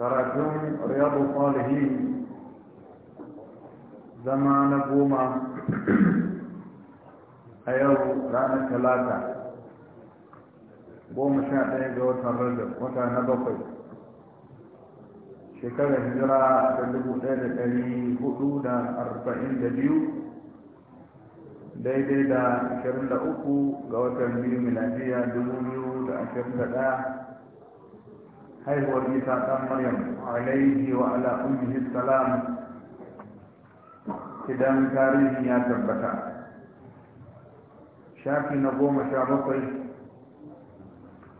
karatun riyadu salihin zama na goma a yau ranar talata goma sha ɗaya ga watan rajab wata na bakwai shekarar hijira da dubu ɗaya da ɗari hudu da arba'in da biyu daidai da ashirin da uku ga watan biyu miladiya dubu biyu da ashirin da ɗaya haihuwar isa ɗan maryam alaihi wa ala ummihi salam idan tarihin ya tabbata shafi na goma sha bakwai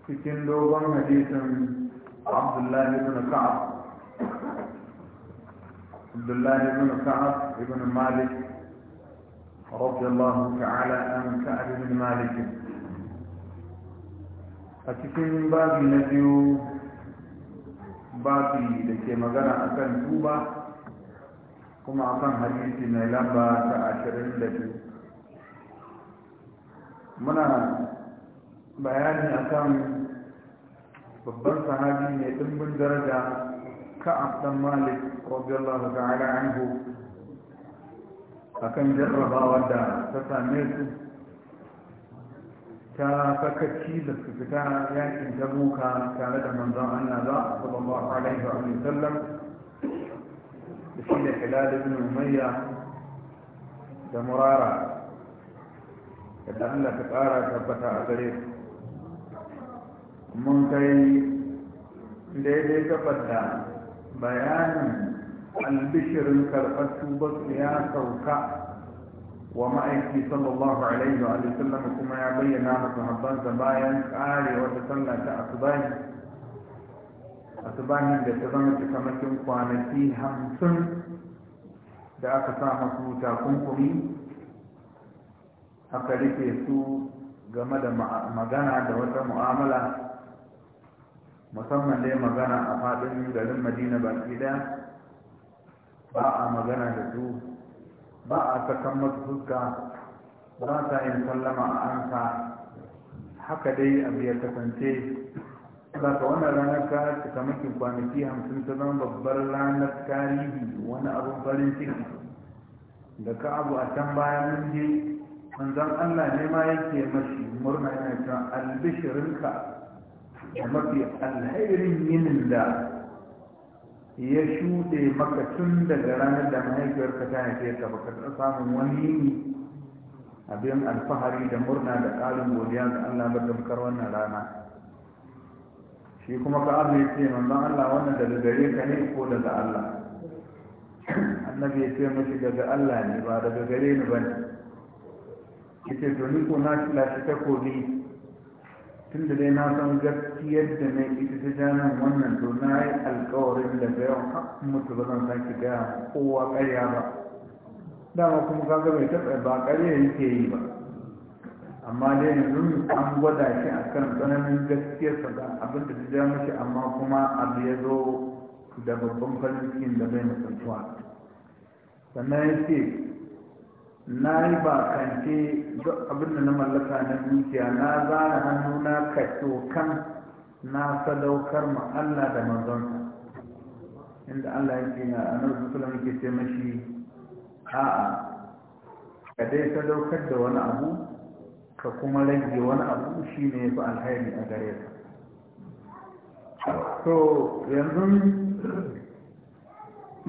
cikin dogon hadisin abdullahi ibn ka'ab abdullahi ibn ka'ab ibn malik رضي الله تعالى عن كعب بن مالك أتكلم باب النبي babi da ke magana a kan tuba kuma a kan hadisi mai lamba ta ashirin da biyu muna bayani a kan babban sahabi mai ɗimbin daraja ka'ab dan malik radiyallahu ta'ala anhu kan jarrabawa da ta same su ta sakaci da su fita yakin tabuka tare da manzon Allah ba a alaihi wa sallam da shi da Hilal ibn Umayya da Murara da Allah ta ƙara tabbata a gare mun kai daidai gabar da bayanin albishirin karɓar tubar ya sauka wa ma'aiki sallallahu alaihi wa sallam kuma ya bayyana ma sahabbansa bayan kare wata sallah ta asubahi da ta zama ta kamakin kwanaki hamsin da aka sa masu takunkumi aka rike su game da magana da wata mu'amala musamman dai magana a faɗin garin madina baki ɗaya ba a magana da su ba a sakan masu ba ta yin sallama a anka. haka dai abu ya kasance ba wannan ranar ka cika makin kwanaki hamsin ta zama babbar ranar tarihi wani abu farin ciki da ka abu a can baya mun je manzon allah ne ma yake mashi murna yana cewa albishirinka da mafi alhairin yinin da ya shuɗe maka tun daga ranar da mahaifiyarta ta haife ka baka ta samun wani yini abin alfahari da murna da ƙarin godiya ga Allah ba bukar wannan rana shi kuma ka abu ya ce manzon Allah wannan daga gare ka ne ko daga Allah annabi ya ce mashi daga Allah ne ba daga gare ni ba ne ita to ni ko na shi takobi tun da dai na san gaskiyar da na ita ta jana wannan to na yi alkawarin da ga yawan mutu ba zan sake gaya kowa karya ba dama kuma kaga bai taɓa ba karya yake yi ba amma dai yanzu an gwada shi a kan tsananin sa ga abin da ta ja mashi amma kuma abu ya zo da babban farin cikin da bai mutuntuwa sannan ya ce na yi bakance kanke abin da na mallaka na dukiya na zana hannu na kaso kan na sadaukar ma Allah da manzonsa inda Allah ya ce na annabi sallallahu alaihi wasallam ce mashi a'a ka dai sadaukar da wani abu ka kuma rage wani abu shine yafi alheri a gare ka to yanzu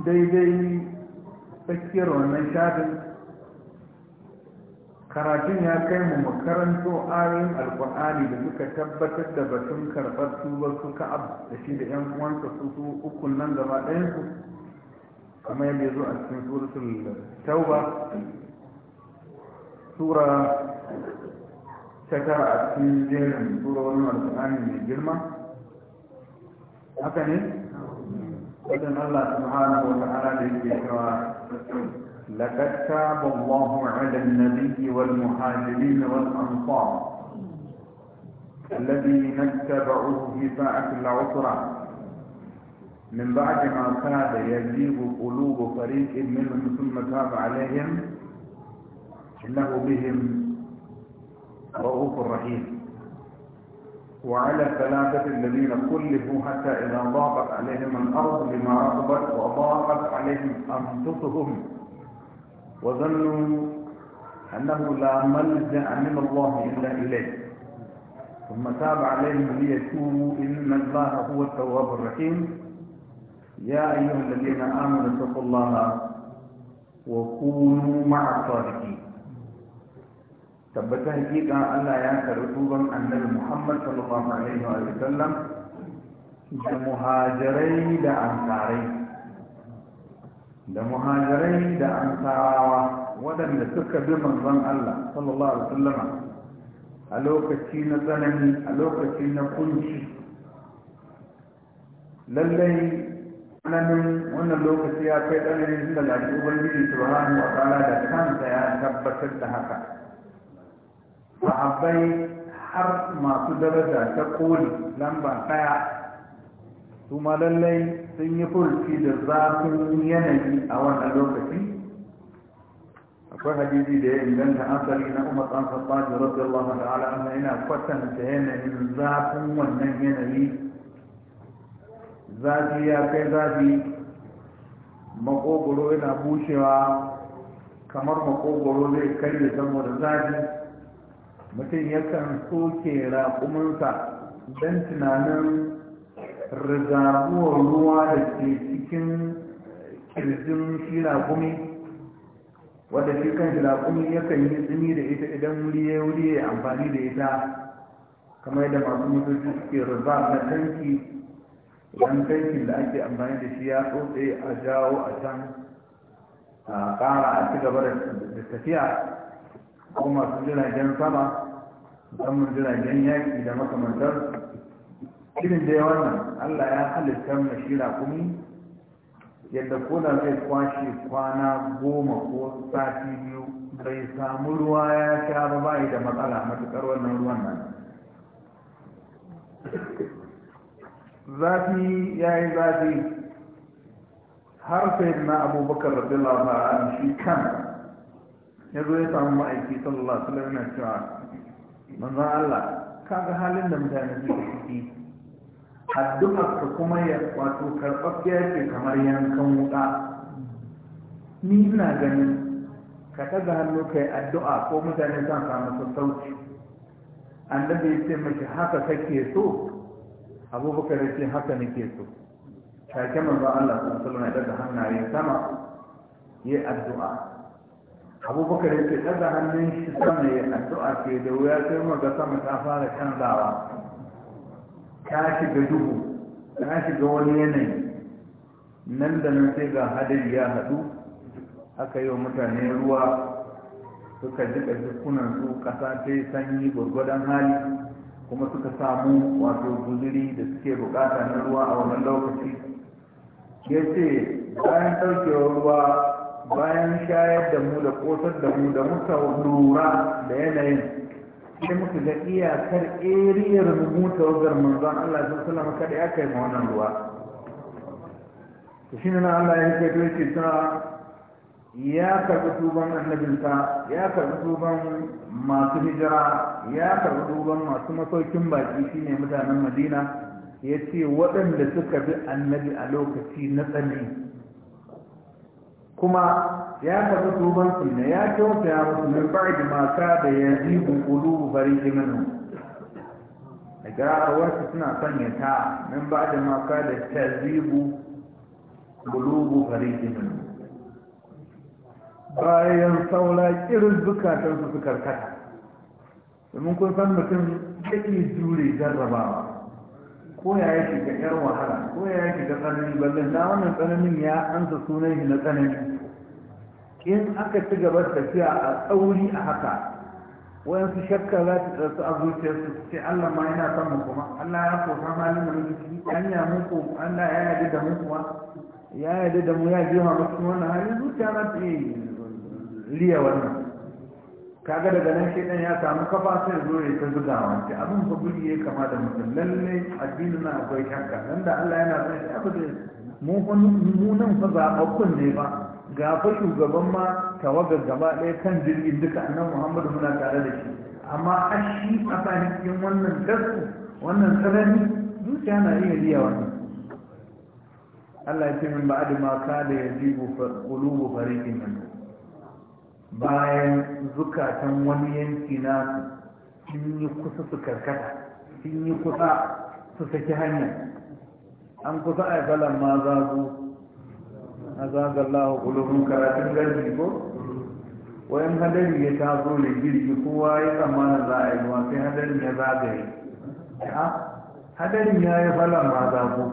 daidai tsakiyar wannan shafin karatun ya kai mu makaranto ayoyin alkur'ani da suka tabbatar da batun karɓar tubar su ka'ab da shi da yan uwansa su su ukun nan gaba ɗayan su kamar yadda ya zo a cikin suratul tauba sura ta tara a cikin jerin wani alkur'ani mai girma haka ne wajen allah subhanahu wa ta'ala da yake cewa لقد تاب الله على النبي والمهاجرين والأنصار الذين اتبعوه في ساعة العسرة من بعد ما كاد يزيغ قلوب فريق منهم ثم تاب عليهم إنه بهم رؤوف رحيم وعلى الثلاثة الذين كلفوا حتى إذا ضاقت عليهم الأرض بما رغبت وضاقت عليهم أنفسهم وظنوا أنه لا ملجأ من الله إلا إليه ثم تاب عليهم ليتوبوا إن الله هو التواب الرحيم يا أيها الذين آمنوا اتقوا الله وكونوا مع الصادقين تبت حقيقة ألا ينكر رسولا أن محمد صلى الله عليه وسلم مهاجرين لأنصارين da muhajirai da ansarawa waɗanda suka bi manzon Allah sallallahu alaihi wasallama a lokaci na tsanani a lokaci na kunci lallai tsananin wannan lokaci ya kai tsananin da lafi ubangiji subhanahu wa ta'ala da kansa ya tabbatar da haka sahabbai har masu daraja ta koli lamba ɗaya su ma lallai sun yi furci da zafin yanayi a wannan lokaci akwai hadisi da ya inganta asali na umar ɗan sabbaji da ta'ala anna yana kwatanta yanayin zafin wannan yanayi zafi ya kai zafi makogoro yana bushewa kamar makogoro zai karye saboda zafi mutum yakan soke raƙuminsa don tunanin rigaguwar ruwa da ke cikin eh, kirjin shi raƙumi wadda shi kan shi yakan yi tsini da ita idan wuri ya amfani da ita kamar da masu motoci suke riga na tanki idan tankin da ake amfani da shi ya tsotse a jawo a can a kara a ci gaba da tafiya ko masu jiragen sama musamman jiragen yaƙi da makamantar irin da wannan Allah ya halitta mai shi rakumi yadda koda zai kwashe kwana goma ko sati biyu bai samu ruwa ya sha ba bai da matsala matukar wannan ruwan nan zafi ya yi zafi har sai na abubakar radiyallahu ta'ala shi kan ya zo ya samu ma'aiki sallallahu alaihi wasallam cewa manzon Allah kaga halin da mutane suke ciki addu'arka kuma ya wato karɓaɓɓiya ce kamar yankan wuta ni ina ganin ka ɗaga hannu kai addu'a ko mutane zan samu sassauci annabi ya ce mashi haka kake so abubakar ya ce haka nake so take manzo Allah sallallahu alaihi wasallam ya ɗaga hannaye sama ya addu'a abubakar ya ce ɗaga hannun shi sama ya addu'a ke da wuya sai mu ga sama ta fara canzawa ta shiga duhu ta shiga wani yanayi nan da nan sai ga hadari ya haɗu aka yi wa mutane ruwa suka jika jikunansu ƙasa ta yi sanyi gwargwadon hali kuma suka samu wato guzuri da suke bukata na ruwa a wannan lokaci ya ce bayan ɗaukewar ruwa bayan shayar da mu da ƙosar da mu da muka lura da yanayin sai muka ga iyakar eriyar rubuta wajen manzon Allah sun sallama kada ya kai wannan ruwa shi ne na Allah ya kai to yake ta ya duban tuban ta ya karɓi tuban masu hijira ya karɓi tuban masu masaukin baki shine mutanen Madina ya ce waɗanda suka bi annabi a lokaci na tsanani kuma ya tafi tubansu ne ya kyautaya musu min ba'di ma ka da yazibu qulubu fariqin minhum daga wasu suna sanya ta min ba'di ma ka da tazibu qulubu fariqin minhum bayan saura irin zukatansu su karkata domin kun san mutum yake jure jarrabawa ko ya yi shiga yar wahala ko ya yi shiga tsanani ballin na wannan tsananin ya ansa sunan shi na tsanani in aka ci gaba da tafiya a tsauri a haka wayansu shakka za ta tsarsu a zuciyarsu ce Allah ma yana son mu kuma Allah ya kofa halin da muke ciki an ya muku Allah ya yarda da mu kuma ya yarda da mu ya jefa mu cikin wannan hali zuciya na ta yi riya wannan kaga daga nan shi ya samu kafa sai zo ya ta zuga wanke abin ba guri ya kama da mutum lalle addini na akwai shakka nan da Allah yana son shi abu da mu nan fa zaɓaɓɓun ne ba ga fa shugaban ma tawaga gaba ɗaya kan jirgin duka annan Muhammadu muna tare da shi amma ashi a cikin wannan gasu wannan tsanani zuciya na iya riya wannan Allah ya ce min ba'ad ma kada yajibu qulubu fariqin minhum bayan zukatan wani yanki nasu sun yi kusa su karkata sun yi kusa su saki hanya an kusa a falon ma su a zagallahu kulubun karatun garbi ko wayan hadari ya taso da girki kowa ya tsammana za a yi ruwa sai hadarin ya zagaye hadarin ya yi falon ma su.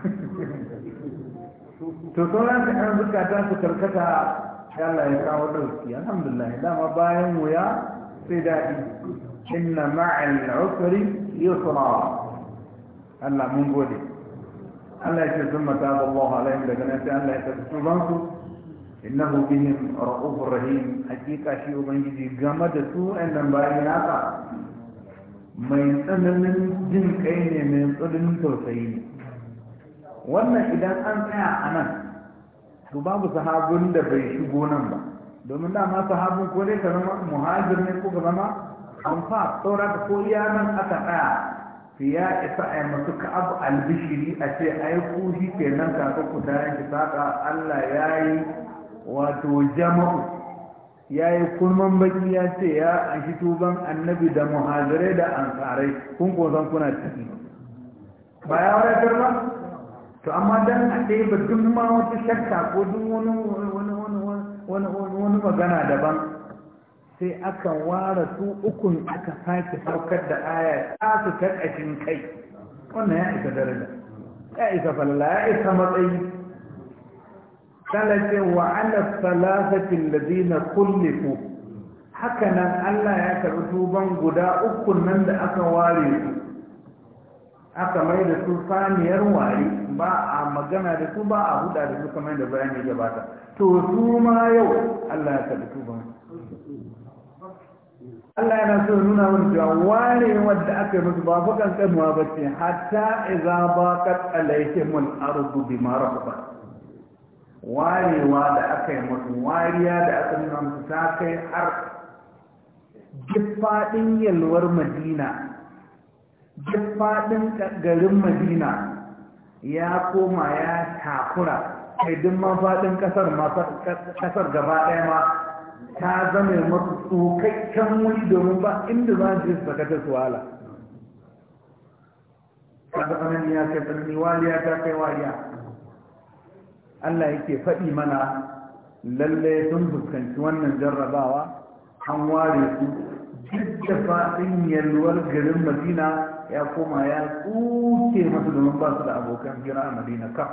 to sauran ta an zukatan su karkata Allah ya kawo dauki alhamdulillah dama bayan wuya sai daɗi inna ma'al usri yusra Allah mun gode Allah ya ce zumma ta Allah alaihim daga nan sai Allah ya tafi tubansu innahu bihim ra'ufur rahim hakika shi ubangiji game da su ɗan bayan naka mai tsananin jin kai ne mai tsananin tausayi ne wannan idan an tsaya a nan to babu sahabin da bai shigo nan ba domin dama sahabun ko dai ka zama muhajir ne ko ka zama amfa saura da ko iya nan aka tsaya su ya isa a masu ka'abu albishiri a ce ai ku shi ke nan ka ku tayan ki saka Allah ya yi wato jama'u ya yi kurman baki ya ce ya a shi tuban annabi da muhajirai da ansarai kun ko zan kuna ciki ba ya wadatar ba to amma dan a ɗaya ba duk ma wata shakka ko duk wani wani wani wani magana daban sai aka ware su ukun aka sake saukar da aya ta su ta ƙashin kai wannan ya isa daraja ya isa falala ya isa matsayi talace wa ala salasatin ladina kullifu haka nan Allah ya karɓi tuban guda ukun nan da aka ware su aka mai da su saniyar wari ba a magana da su ba a huda da su kamar da bayan ya gabata to su ma yau Allah ya taɓa su ba Allah yana so nuna wani cewa ware wadda aka yi musu ba fa kankanuwa ba ce hatta iza ba kat mun arzu bi bima rahabat warewa da aka yi musu wariya da aka nuna musu ta kai har duk yalwar madina duk faɗin garin madina ya koma ya takura kai duk ma faɗin ƙasar gaba ɗaya ma ta zama masu tsokakken wuri domin ba inda za su yi sakatar su wahala kaga tsanani ya kai tsanani waliya ta kai waliya Allah yake faɗi mana lalle sun fuskanci wannan jarrabawa an ware su duk da faɗin yalwar garin madina ya koma ya tsuke masu domin ba su da abokan hira a madina ka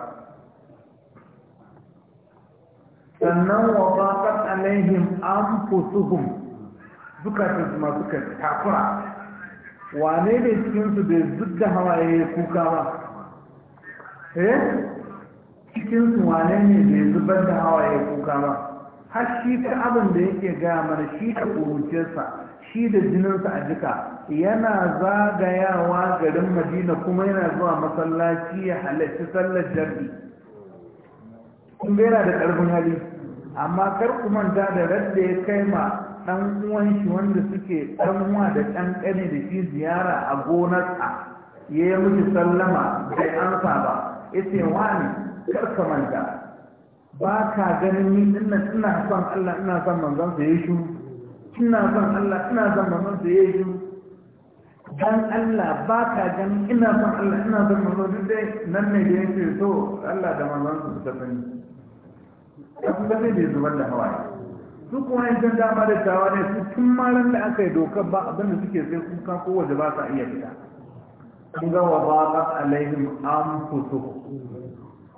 sannan wa faƙar alaihim an fusuhum zukatan su masu takura wane ne cikinsu bai zub da hawaye kuka ba eh cikinsu wane ne bai zubar da hawaye kuka ba har shi ta abin da yake gaya mana shi ta kuruciyarsa shi da jininsa a jika yana zagayawa garin madina kuma yana zuwa masallaci ya halarci sallar jar'i kun yana da ƙarfin hali amma kar ku manta da radda ya kai ma ɗan uwan shi wanda suke ɗan uwa da ɗan ƙane da shi ziyara a gonarsa ya yi miki sallama bai amsa ba yace wani kar ka manta ba ka ganin ni ina son Allah ina son manzon sa yi shiru ina son Allah ina son mamman da ya yi dan Allah ba ka gani ina son Allah ina son mamman duk dai nan ne da yake so Allah da mamman su ta sani a kuma sai da zubar da hawaye su kuma yin can dama da tawa ne su tun maran da aka yi dokar ba abinda suke sai kuka waje ba sa iya fita kun ga wa baƙa alaihim an fito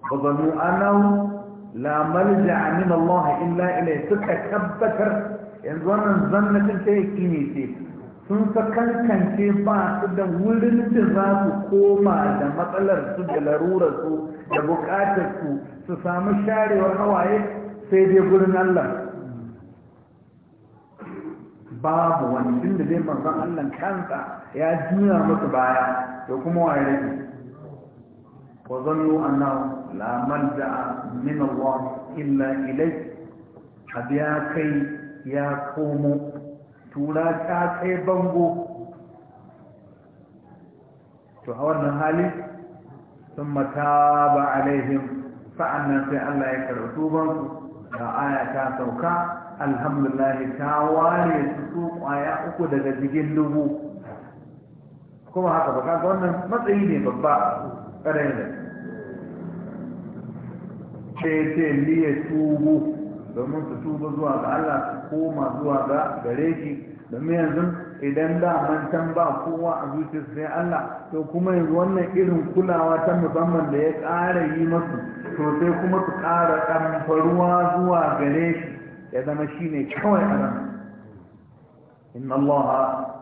ba zanu anau la malja amin Allah illa ilai suka tabbatar yanzu wannan zannatin ta yaki ne ce sun fa kankance ba su da wurin da za su koma da matsalar su da larurar su da bukatar su su samu sharewar hawaye sai dai gurin Allah babu wani din da zai manzon Allah kanka ya juya musu baya to kuma waye ne? wa zannu annahu la malja'a min Allah illa ilayhi hadiya kai ya komo tura ta kai bango to a wannan hali sun mata ba Sa'an nan sai Allah ya karɓi tubansu da aya ta sauka alhamdulahi ta ware su su kwaya uku daga jigin dubu kuma haka ba kaga wannan matsayi ne babba ƙarai da ce ce liya tubu domin su tuba zuwa ga Allah su koma zuwa ga gare shi domin yanzu idan da mantan ba kowa a zuciya sai Allah to kuma yanzu wannan irin kulawa ta musamman da ya ƙara yi masu to sai kuma su ƙara ɗanfaruwa zuwa gare shi ya zama shi ne kawai a nan inna Allah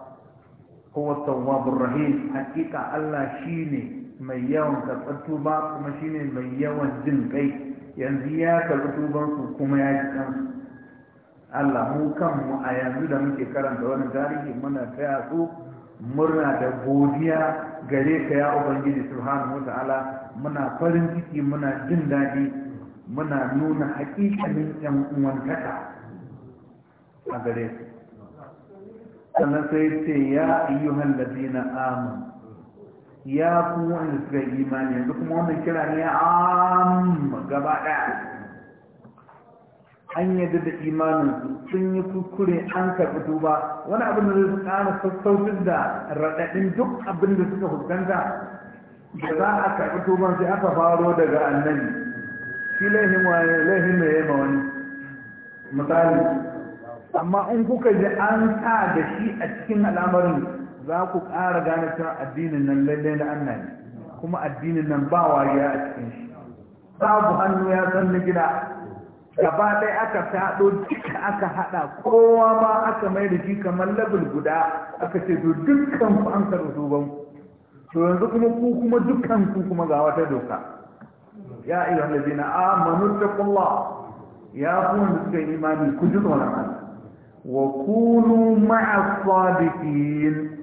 kowa tawwabur rahim hakika Allah ne mai yawan karɓar tuba kuma shine mai yawan jin kai yanzu ya karbi tubansu kuma ya ji kansu Allah mu kanmu a yanzu da muke karanta wani tarihi muna taya su murna da godiya gare ka ya ubangiji subhanahu ta'ala muna farin ciki muna jin daɗi muna nuna hakikanin yan uwantaka a gare su sannan sai ce ya ayyuhan ladina amanu ya ku wanda suka yi imani yanzu kuma wannan kira ne amma gaba ɗaya an yadda da imanin sun yi kukure an karɓi tuba wani abin da zai ƙara sassautar da raɗaɗin duk abin da suka fuskanta da za a karɓi duban, sai aka faro daga annabi shi laihin waye laihin mai yama wani misali amma in kuka ji an sa da shi a cikin al'amarin za ku ƙara gane cewa addinin nan lallai na Allah kuma addinin nan ba wariya a cikin shi babu hannu ya san na gida gaba ɗaya aka taɗo duka aka haɗa kowa ma aka mai da shi kamar guda aka ce to dukkan ku an karɓi duban to yanzu kuma ku kuma dukkan ku kuma ga wata doka ya a ladina amanu taqullah ya ku wanda suka imani ku ji tsoron Allah wa kunu ma'a sadiqin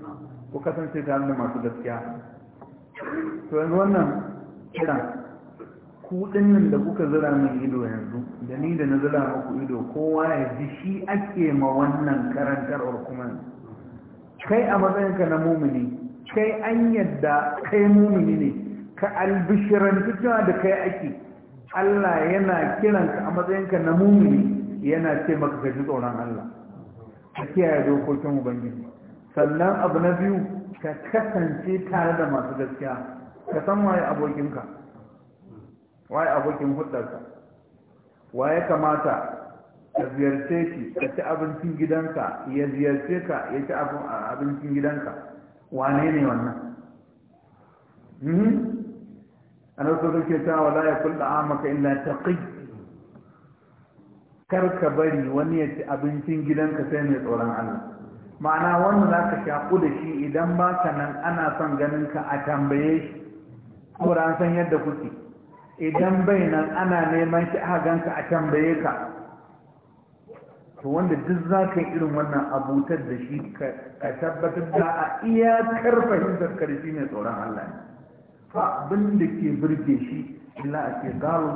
ku kasance ta hannun masu gaskiya to yanzu wannan kiran kudin nan da kuka zira min ido yanzu da ni da na zira muku ido kowa ya ji shi ake ma wannan karantar kuma kai a matsayinka na mumini kai an yadda kai mumini ne ka albishiran cikin da kai ake Allah yana kiranka a matsayinka na mumini yana ce maka ka ji tsoron Allah a kiyaye dokokin ubangiji sannan abu na biyu ka kasance tare da masu gaskiya ka san waye abokinka waye abokin hudarka waye kamata ka ziyarce shi ka ci abincin gidanka ya ziyarce ka ya ci abincin gidanka wane ne wannan a nasu suke cewa wala ya kulla amaka illa ta kar ka bari wani ya ci abincin gidanka sai mai tsoron Allah ma'ana wanda za ka shaƙu da shi idan ba ka nan ana son ganin ka a tambaye shi an san yadda kuke idan bai nan ana neman shi a ganka a tambaye ka to wanda duk za ka yi irin wannan abutar da shi ka tabbatar da a iya iyakar fahimtar karfi mai tsoron Allah ne fa abin da ke birge shi illa a ce gawo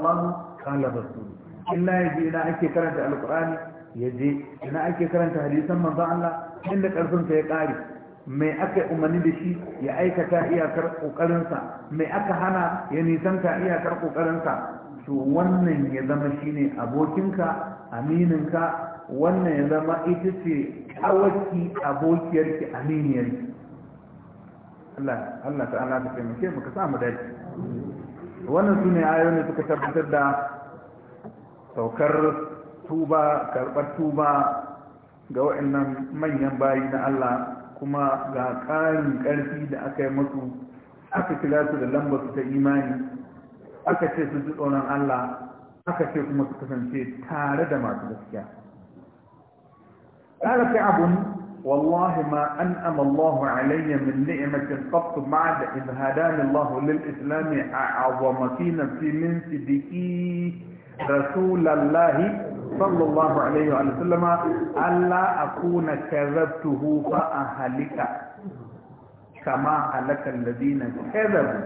kala basu illa ya ake karanta alkurani ya je ina ake karanta hadisan manzo Allah inda karfin sa ya kare mai aka umarni da shi ya aikata iyakar kokarinsa mai aka hana ya nisanta iyakar kokarinsa to wannan ya zama shine abokinka amininka wannan ya zama ita ce kawaki abokiyarki aminiyarki Allah Allah ta'ala ta taimake mu ka samu dace wannan sune ayoyin da suka tabbatar da saukar tuba karɓar tuba ga waɗannan manyan bayi na Allah kuma ga ƙarin karfi da aka yi musu aka kira su da lambar su ta imani aka ce su ji tsoron Allah aka ce kuma su kasance tare da masu gaskiya قال كعب والله ما أنأم الله علي من نعمة قط بعد إذ هداني الله للإسلام أعظم في نفسي من صدقي رسول الله sallallahu alaihi wa sallama Allah akuna kazabtuhu fa ahlika kama halaka alladina kazabu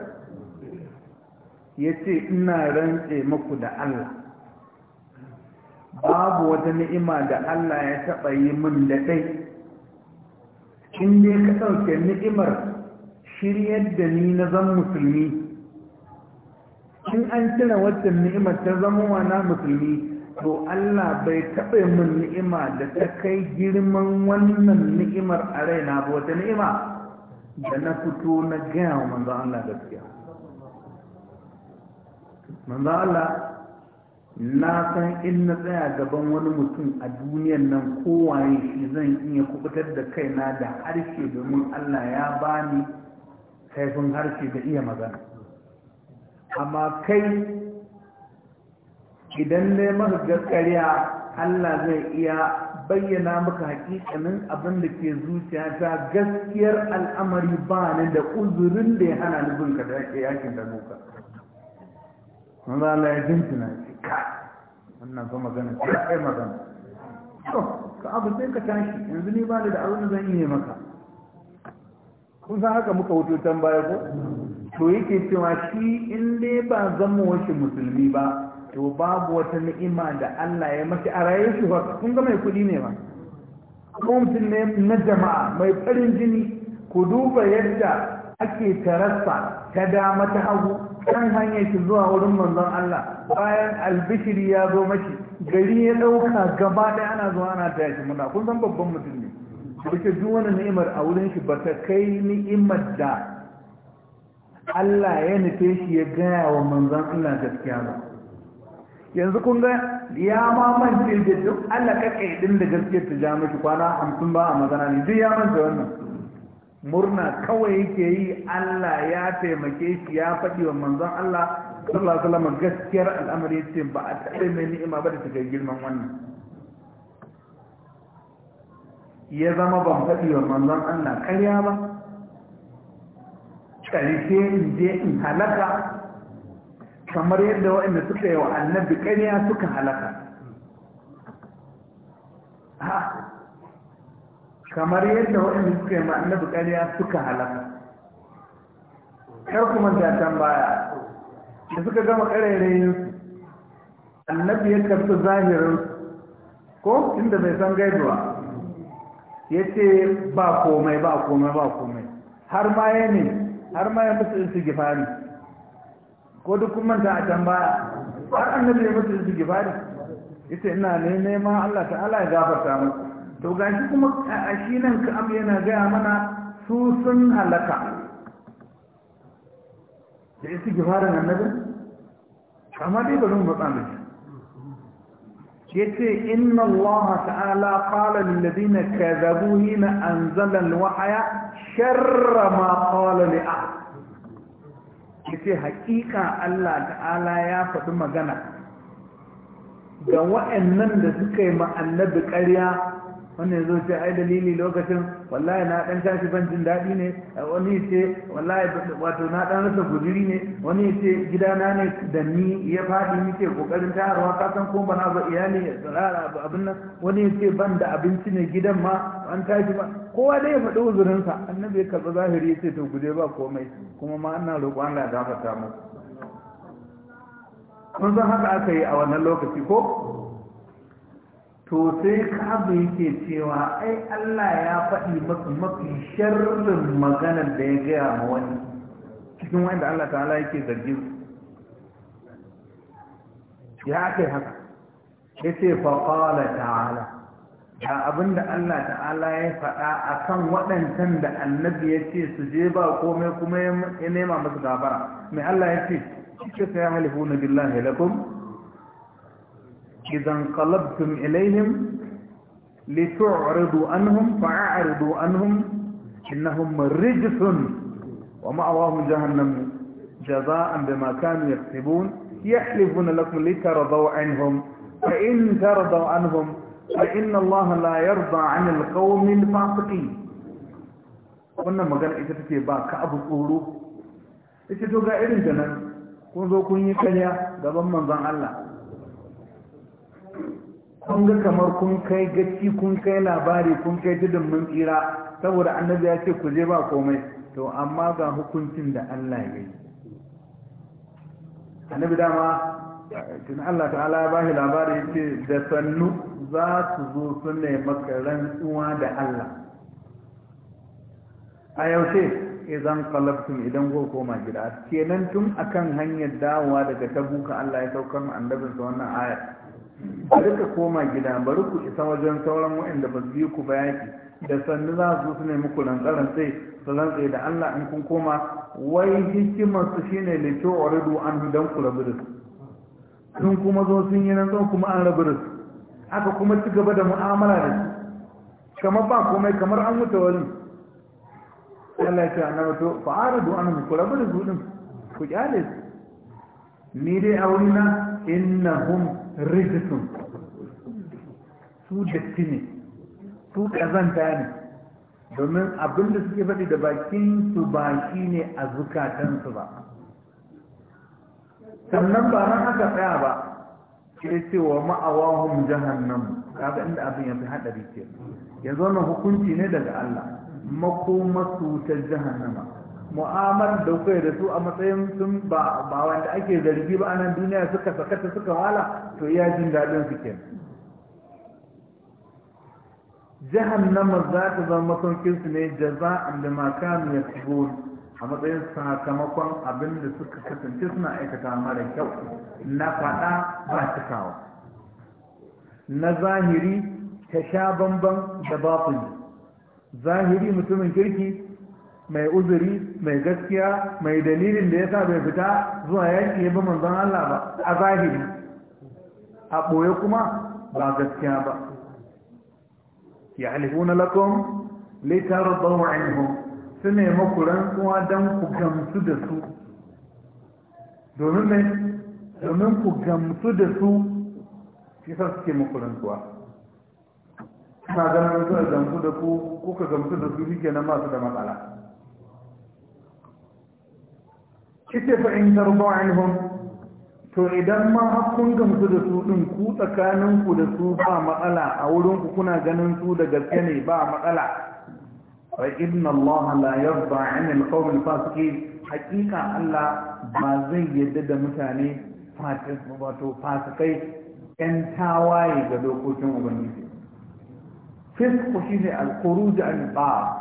yace ina rantse muku da Allah babu wata ni'ima da Allah ya taɓa yi min da dai in dai ka dauke ni'imar shiryar da ni na zan musulmi in an cire wacce ni'imar ta zama wa na musulmi to Allah bai taɓa min ni'ima da ta kai girman wannan ni'imar a raina ba wata ni'ima da na fito na gaya wa manzan Allah gaskiya manzan Allah na san in na tsaya gaban wani mutum a duniyan nan kowaye shi zan iya kubutar da kaina da harshe domin Allah ya bani kaifin harshe da iya magana amma kai idan ne maka gaskariya Allah zai iya bayyana maka hakikanin abin da ke zuciya ta gaskiyar al'amari ba ne da uzurin da ya hana ni bin ka da yakin da nuka Wanda Allah ya tuna ce ka wannan fa magana ya kai magana to ka abu sai ka tashi yanzu ni ba ni da abin da zan iya maka kun san haka muka wuto can baya ko to yake cewa shi in dai ba zama wasu musulmi ba to babu wata ni'ima da Allah ya mace a rayuwarsu ba kun ga mai kudi ne ba ko mutum ne na jama'a mai farin jini ku duba yadda ake tarasa ta dama ta hagu kan hanyar shi zuwa wurin manzon Allah bayan albishiri ya zo mashi gari ya ɗauka gaba ɗaya ana zuwa ana taya shi muna kun san babban mutum ne duka duk wani ni'imar a wurin shi ba ta kai ni'imar da Allah ya nufe shi ya gaya wa manzon Allah gaskiya ba yanzu kun ga ya ma mance da duk Allah ka kaidin da gaske ta ja miki kwana hamsin ba a magana ne duk ya manta wannan murna kawai yake yi Allah ya taimake shi ya faɗi wa manzon Allah sallallahu alaihi wasallam gaskiyar al'amari yace ba a taɓa mai ni'ima ba da ta kai girman wannan ya zama ban faɗi wa manzon Allah ƙarya ba ƙarshe in je in halaka kamar yadda waɗanda suka yi wa annabi ƙarya suka halaka kamar yadda waɗanda suka yi wa annabi ƙarya suka halaka kar kuma zaton baya da suka gama ƙarairayin annabi ya karfi zahirin ko inda bai san gaibuwa ya ce ba komai ba komai ba komai har ma ya ne har ma ya musu isi gifari ko duk kun manta a can baya har annabi ya mutu su ne yace ina ne neman Allah ta'ala ya gafarta mu to gashi kuma a shi nan am yana gaya mana su sun halaka da isi gifarin annabi amma dai bari mu matsa miki yace inna Allah ta'ala qala lil ladina kadhabu hina anzala al-wahya sharra ma qala li ahad yace haƙiƙa Allah ta'ala ya faɗi magana ga wa'annan da suka yi ma annabi ƙarya wannan zo ce ai dalili lokacin wallahi na dan tashi ban jin daɗi ne wani ce wallahi wato na dan rasa guduri ne wani ce gidana ne da ni ya faɗi nike kokarin tarawa ka san ko bana ba iyali ya tsara abin nan wani ce ban da abinci ne gidan ma an tashi ba kowa dai ya faɗi uzurinsa annabi ya karɓi zahiri ya ce to guje ba komai kuma ma ana roƙo Allah dafata mu kun san haka aka yi a wannan lokaci ko to sai kabu yake cewa ai Allah ya faɗi maka mafi sharrin maganar da ya gaya ma wani cikin wanda Allah ta'ala yake zargin ya aka haka ya ce faƙala ta'ala ga abin da Allah ta'ala ya faɗa a kan waɗancan da annabi ya ce su je ba komai kuma ya nema masu gabara mai Allah ya ce kike sai halifu na billahi lakum idan qalabtum ilaihim litu'ridu anhum fa'ridu anhum innahum rijsun wa ma'awahum jahannam jaza'an bima kanu yaktubun yahlifuna lakum litardaw anhum fa in tardaw anhum فإن الله لا يرضى عن القوم الفاسقين wannan magana ita take ba ka abu tsoro ita to ga irin da nan kun zo kun yi kanya gaban manzon Allah kun ga kamar kun kai gaci kun kai labari kun kai tudun mun tsira saboda annabi ya ce ku je ba komai to amma ga hukuncin da Allah ya yi annabi dama tun Allah ta'ala ya shi labari ce da sannu za su zo su ne makarar rantsuwa da Allah a yaushe idan qalabtum idan go koma gida kenan tun akan hanyar dawowa daga tabuka Allah ya saukar mu annabin sa wannan ayar bari ka koma gida bari ku isa wajen sauran waɗanda ba su yi ku ba da sannu za su su ne muku sai su rantsai da Allah in kun koma wai hikimarsu shine lito a rido an don ku rabu sun kuma zo sun yi rantsuwa kuma an rabu da su aka kuma ci gaba da mu'amala da su kamar ba komai kamar an wuce wani Allah ya ce annabi to fa aradu anhum ku rabu da su din ku kyale su ni dai a wuri na innahum rijsun su datti ne su kazanta ne domin abinda suke faɗi da bakin su baki ne a zukatansu ba sannan ba nan aka tsaya ba Ya ce wa ma'awahum jahannam kaga inda abin ya fi hada ce yanzu wannan hukunci ne daga Allah makomasu ta jahannama mu'amal da kai da su a matsayin sun ba wanda ake zargi ba a nan duniya suka sakata suka wala to ya jin dadin su kenan jahannama za ta zama masaukinsu ne jaza'an da makanu ya a matsayin sakamakon abin da suka kasance suna aikata mara kyau na faɗa ba cikawa na zahiri ta sha bamban da batini zahiri mutumin kirki mai uzuri mai gaskiya mai dalilin da ya sa bai fita zuwa yanki ya bi manzon Allah ba a zahiri a ɓoye kuma ba gaskiya ba ya halifuna lakum litarabbahu anhum su ne ku rantsuwa don ku gamsu da su domin mai domin ku gamsu da su shi sa suke muku rantsuwa suna ganin su da gamsu da ku kuka gamsu da su shike nan masu da matsala kike fa in tarba anhum to idan ma kun gamsu da su din ku tsakanin ku da su ba matsala a wurin ku kuna ganin su da gaske ne ba matsala ra'inna Allah la yarda 'anil qawmin fasiqin hakika Allah ba zai yarda da mutane fasiqi ba to tawaye ga dokokin ubangiji fisku shine al-khuruj an ba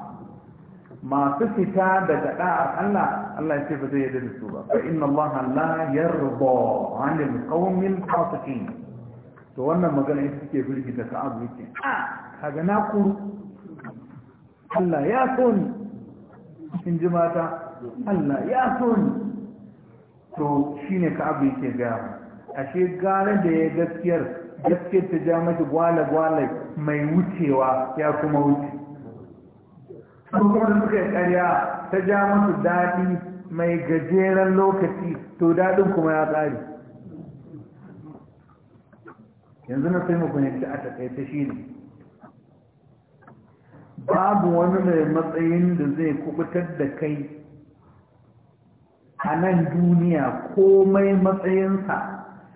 ma fisita da dada Allah Allah ya ce ba zai yarda da su ba fa inna Allah la yarda 'anil qawmin fasiqin to wannan magana ita take da ka abu yake ah kaga na kuru Allah ya so in ji mata Allah ya so ni to ne ka abu yake gaya ashe gara da ya gaskiyar gaskiyar ta ja mata gwale-gwale mai wucewa ya kuma wuce kuma da suka yi karya ta ja masu daɗi mai gajeren lokaci to daɗin kuma ya tsari yanzu na sai mu kunyanci a takaita shi ne babu wani mai matsayin da zai kubutar da kai a nan duniya komai matsayinsa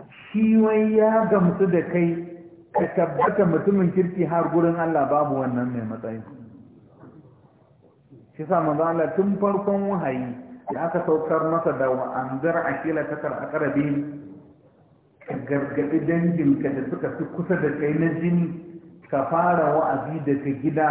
shi wai ya gamsu da kai ka tabbata mutumin kirki har gurin Allah babu wannan mai matsayin shi sa manzala tun farkon wahayi da aka saukar masa da wa'anzar akila ta karbi ka gargaɗi dangin da suka fi kusa da kai na jini ka fara wa'azi daga gida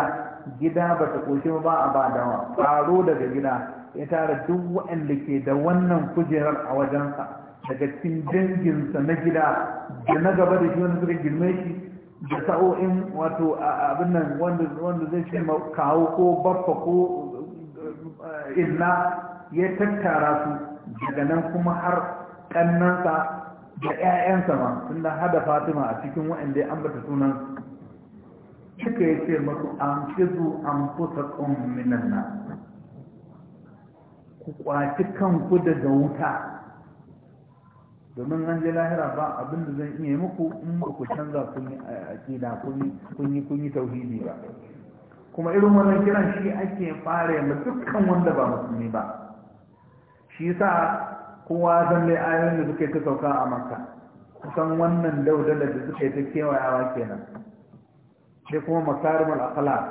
gida ba ta ƙoshe ba a ba da ƙaro daga gida ya tara duk waɗanda ke da wannan kujerar a wajensa daga cikin danginsa na gida da na gaba da shi wanda suka girme shi da sa'o'in wato abin nan wanda zai ce kawo ko baffa ko eh, illa ya tattara su daga nan kuma har ƙannansa da 'ya'yansa ma tunda hada fatima a cikin waɗanda ya ambata sunan suka yi ce masu an fizu an fusa minan ku kwaci kanku daga wuta domin an je lahira ba abin da zan iya muku in ba ku canza kun yi aƙida kun yi kun yi tauhidi ba kuma irin wannan kiran shi ake fara yamma dukkan wanda ba musulmi ba shi yasa kowa zan lai ayoyin da suka ta sauka a maka kusan wannan daudalar da suka yi ta kewayawa kenan sai kuma al'akala akhlaq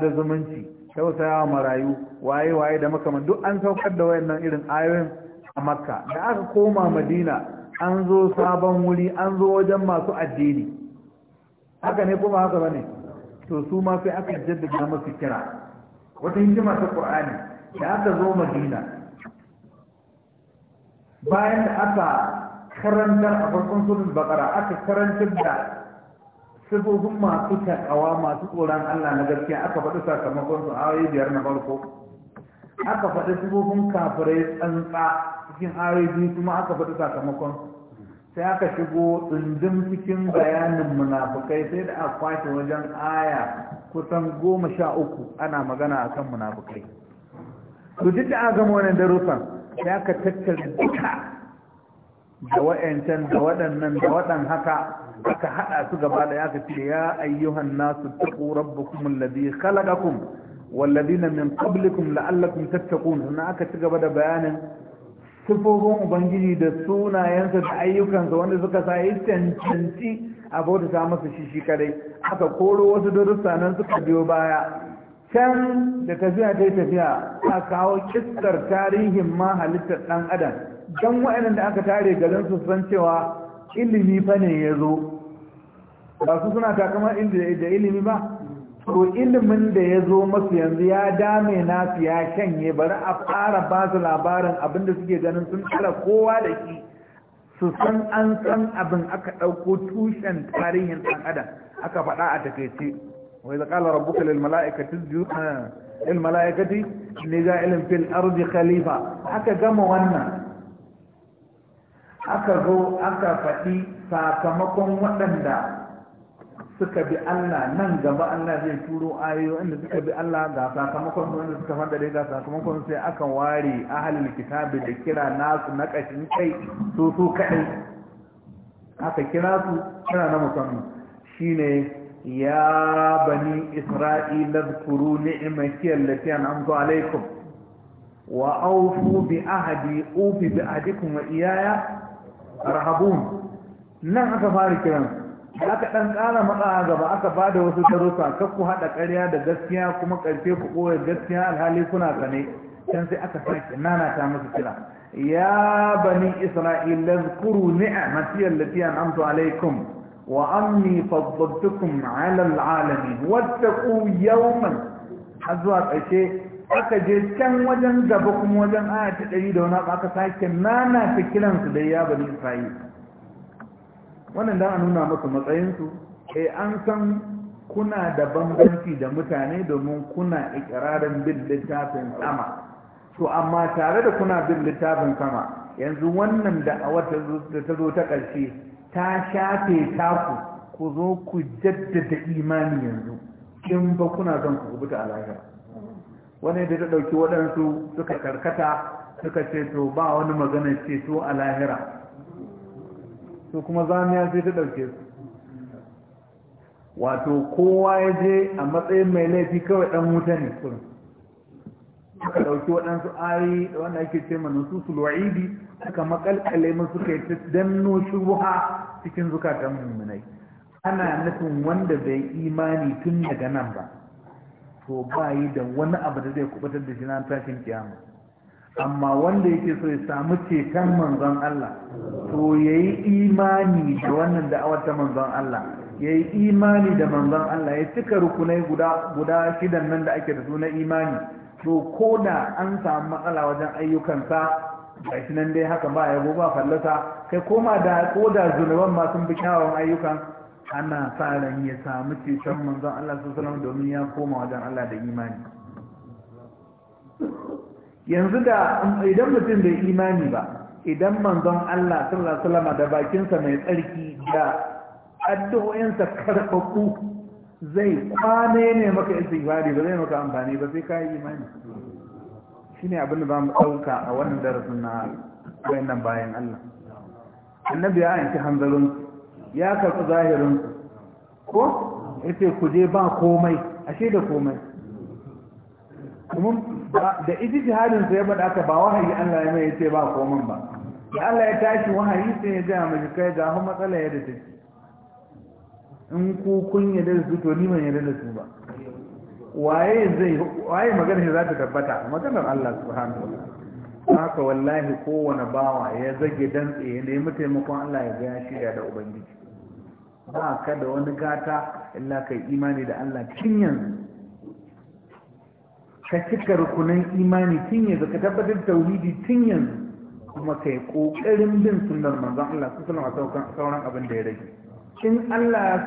da zumunci tausayawa marayu waye waye da makaman duk an saukar da wayannan irin ayoyin a makka da aka koma madina an zo sabon wuri an zo wajen masu addini haka ne kuma haka bane to su ma sai aka jaddada masu kira wata hikima ta qur'ani da aka zo madina bayan da aka karantar a farkon sunan bakara aka karantar da sifofin masu takawa masu tsoron Allah na gaskiya aka faɗi sakamakon su ayoyi biyar na farko aka faɗi sifofin kafirai tsantsa cikin ayoyi biyu kuma aka faɗi sakamakon sai aka shigo tsundum cikin bayanin munafukai sai da a kwashe wajen aya kusan goma sha uku ana magana akan munafukai to duk da aka gama wannan darussan sai aka tattara duka da wayancan da waɗannan da waɗan haka aka haɗa su gaba da aka ce ya ayyuhan nasu taqu rabbakum alladhi khalaqakum walladhina min qablikum la'allakum tattaqun sannan aka ci gaba da bayanin sifofin ubangiji da sunayensa da ayyukansa wanda suka sa yi cancanci a bauta ta masa shi shi kadai aka koro wasu darussa nan suka biyo baya can da tafiya ta tafiya a kawo kistar tarihin ma halittar ɗan adam don wa'annan da aka tare garin su san cewa ilimi fa ne ya zo ba su suna takamar da ilimi ba to ilimin da ya zo masu yanzu ya dame su ya shanye bari a fara ba su labarin abinda suke ganin sun tsara kowa da shi su san an san abin aka ɗauko tushen tarihin ɗan adam aka faɗa a takaice wai zaƙalar rabbuka lil mala'ikati lil mala'ikati ne ga ilin fil ardi khalifa aka gama wannan aka zo aka faɗi sakamakon waɗanda suka bi Allah nan gaba Allah zai turo ayoyi wanda suka bi Allah ga sakamakon wanda suka fadare ga sakamakon sai aka ware ahalin kitabi da kira nasu na ƙashin kai su su kaɗai aka kira su kira na musamman shine ya bani isra'ila zkuru ni'imati allati an'amtu alaykum wa awfu bi ahdi ufi bi ahdikum wa iyaya rahabun nan aka fara kiran da aka ɗan ƙara matsa gaba aka ba da wasu darussa kar ku haɗa ƙarya da gaskiya kuma ƙarfe ku ɓoye gaskiya alhali kuna sane can sai aka sake nana ta musu kira ya bani isra'ila zkuru ni'amati allati an'amtu alaikum wa anni faddaltukum 'ala al'alamin wattaqu yawman har zuwa ƙarshe aka je can wajen gaba kuma wajen aya ta ɗari da wani aka sake nana ta kiransu da ya bani isra'il wannan dan a nuna musu matsayinsu eh an san kuna da bambanci da mutane domin kuna ikirarin bin littafin sama to amma tare da kuna bin littafin sama yanzu wannan da a wata da ta zo ta ƙarshe ta shafe taku ku zo ku jaddada imani yanzu in ba kuna son ku rubuta a lahira wani da ta ɗauki waɗansu suka karkata suka ce to ba wani magana ceto a lahira su kuma zamiya sai ta ɗauke su wato kowa ya je a matsayin mai laifi kawai ɗan wuta ne Su suka ɗauki waɗansu ayi da wanda ake ce mana su sulwa'idi suka makalkale mu suka yi danno shubuha cikin zukatan mummunai ana nufin wanda bai imani tun daga nan ba to ba yi da wani abu da zai kubutar da shi na tashin kiyama amma wanda yake so ya samu ceton manzon Allah to ya yi imani da wannan da'awar ta manzon Allah ya yi imani da manzon Allah ya cika rukunai guda guda shidan nan da ake da su na imani to ko da an samu matsala wajen ayyukansa shi nan dai haka ba ya yabo ba fallasa kai koma da ko zunuban ma sun bi kyawun ayyukan ana sa ran ya samu ceton manzon Allah sallallahu domin ya koma wajen Allah da imani yanzu da idan mutum bai imani ba idan manzon Allah sallallahu alaihi da bakinsa mai tsarki da addu'o'insa karbaku zai kwane ne maka istighfari ba zai maka amfani ba sai kai imani shine abin da ba mu ɗauka a wannan darasin na wayannan bayan Allah annabi ya aiki hanzarin ya karɓi zahirin ko ce ku je ba komai ashe da komai kuma da ijtihadin su ya bada aka ba wahayi Allah ya mai ce ba komai ba da Allah ya tashi wahayi sai ya ga mai kai ga hau matsala ya da ce in ku kun yi da su to ni ban da su ba waye magana shi za ta tabbata maganar Allah su hannu ta'ala haka wallahi kowane bawa ya zage dantse ya nemi taimakon Allah ya gaya shi da ubangiji ba ka da wani gata illa kai imani da Allah tun yanzu ka cika rukunan imani tun yanzu ka tabbatar tauhidi tun yanzu kuma ka yi ƙoƙarin bin sunan manzon Allah su suna sauran abin da ya rage in Allah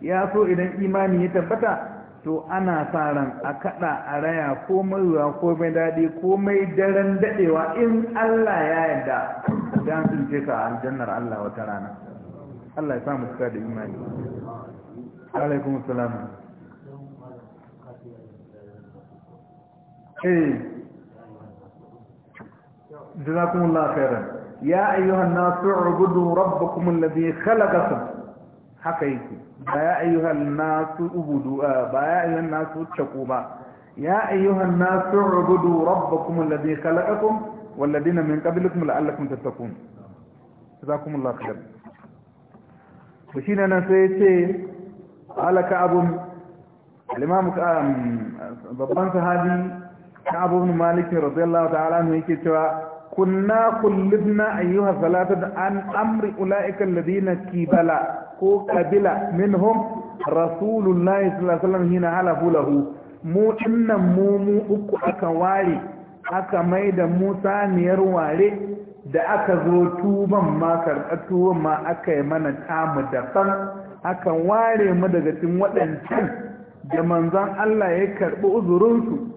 ya so idan imani ya tabbata to ana sa ran a kaɗa a raya ko komai ko mai daɗi mai daren daɗewa in Allah ya yarda dan sun ce ka aljannar Allah wata rana Allah ya sa mu cika da imani alaikum assalam eh jazakumullahu khairan ya ayyuhan nasu ubudu rabbakum alladhi khalaqakum haka yake ba ya ayyuhan nasu ubudu ba ya ayyuhan nasu taku ba ya ayyuhan nasu ubudu rabbakum alladhi khalaqakum والذين من قبلكم لعلكم تتقون جزاكم الله خيرا to shi nan sai ya ce alaka abun alimamu um, babban sahabi na abubuwan malikin radiyallahu ta'ala ne yake cewa kunna kullubna ayyuha salatu da an amri ula'ikan ladina kibala ko kabila minhum rasulullahi sallallahu alaihi hina halafu lahu mu dinnan mu mu uku aka ware aka mai da mu ware da aka zo tuban ma karɓar tuban ma aka yi mana tamu daban akan ware mu daga cikin waɗancan da manzon Allah ya karɓi uzurinsu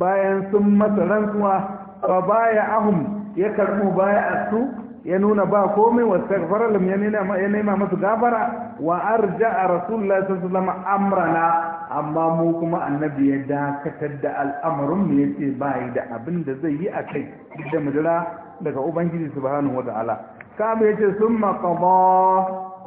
bayan sun masa rantsuwa ba baya ahum ya karɓi baya asu ya nuna ba komai wa sagfara ya nema masu gafara wa arja a rasulullah sun zama amrana amma mu kuma annabi ya dakatar da al'amarin mu yace ba yi da abin da zai yi a kai da mu jira daga ubangiji subhanahu wa ta'ala ya yace summa qada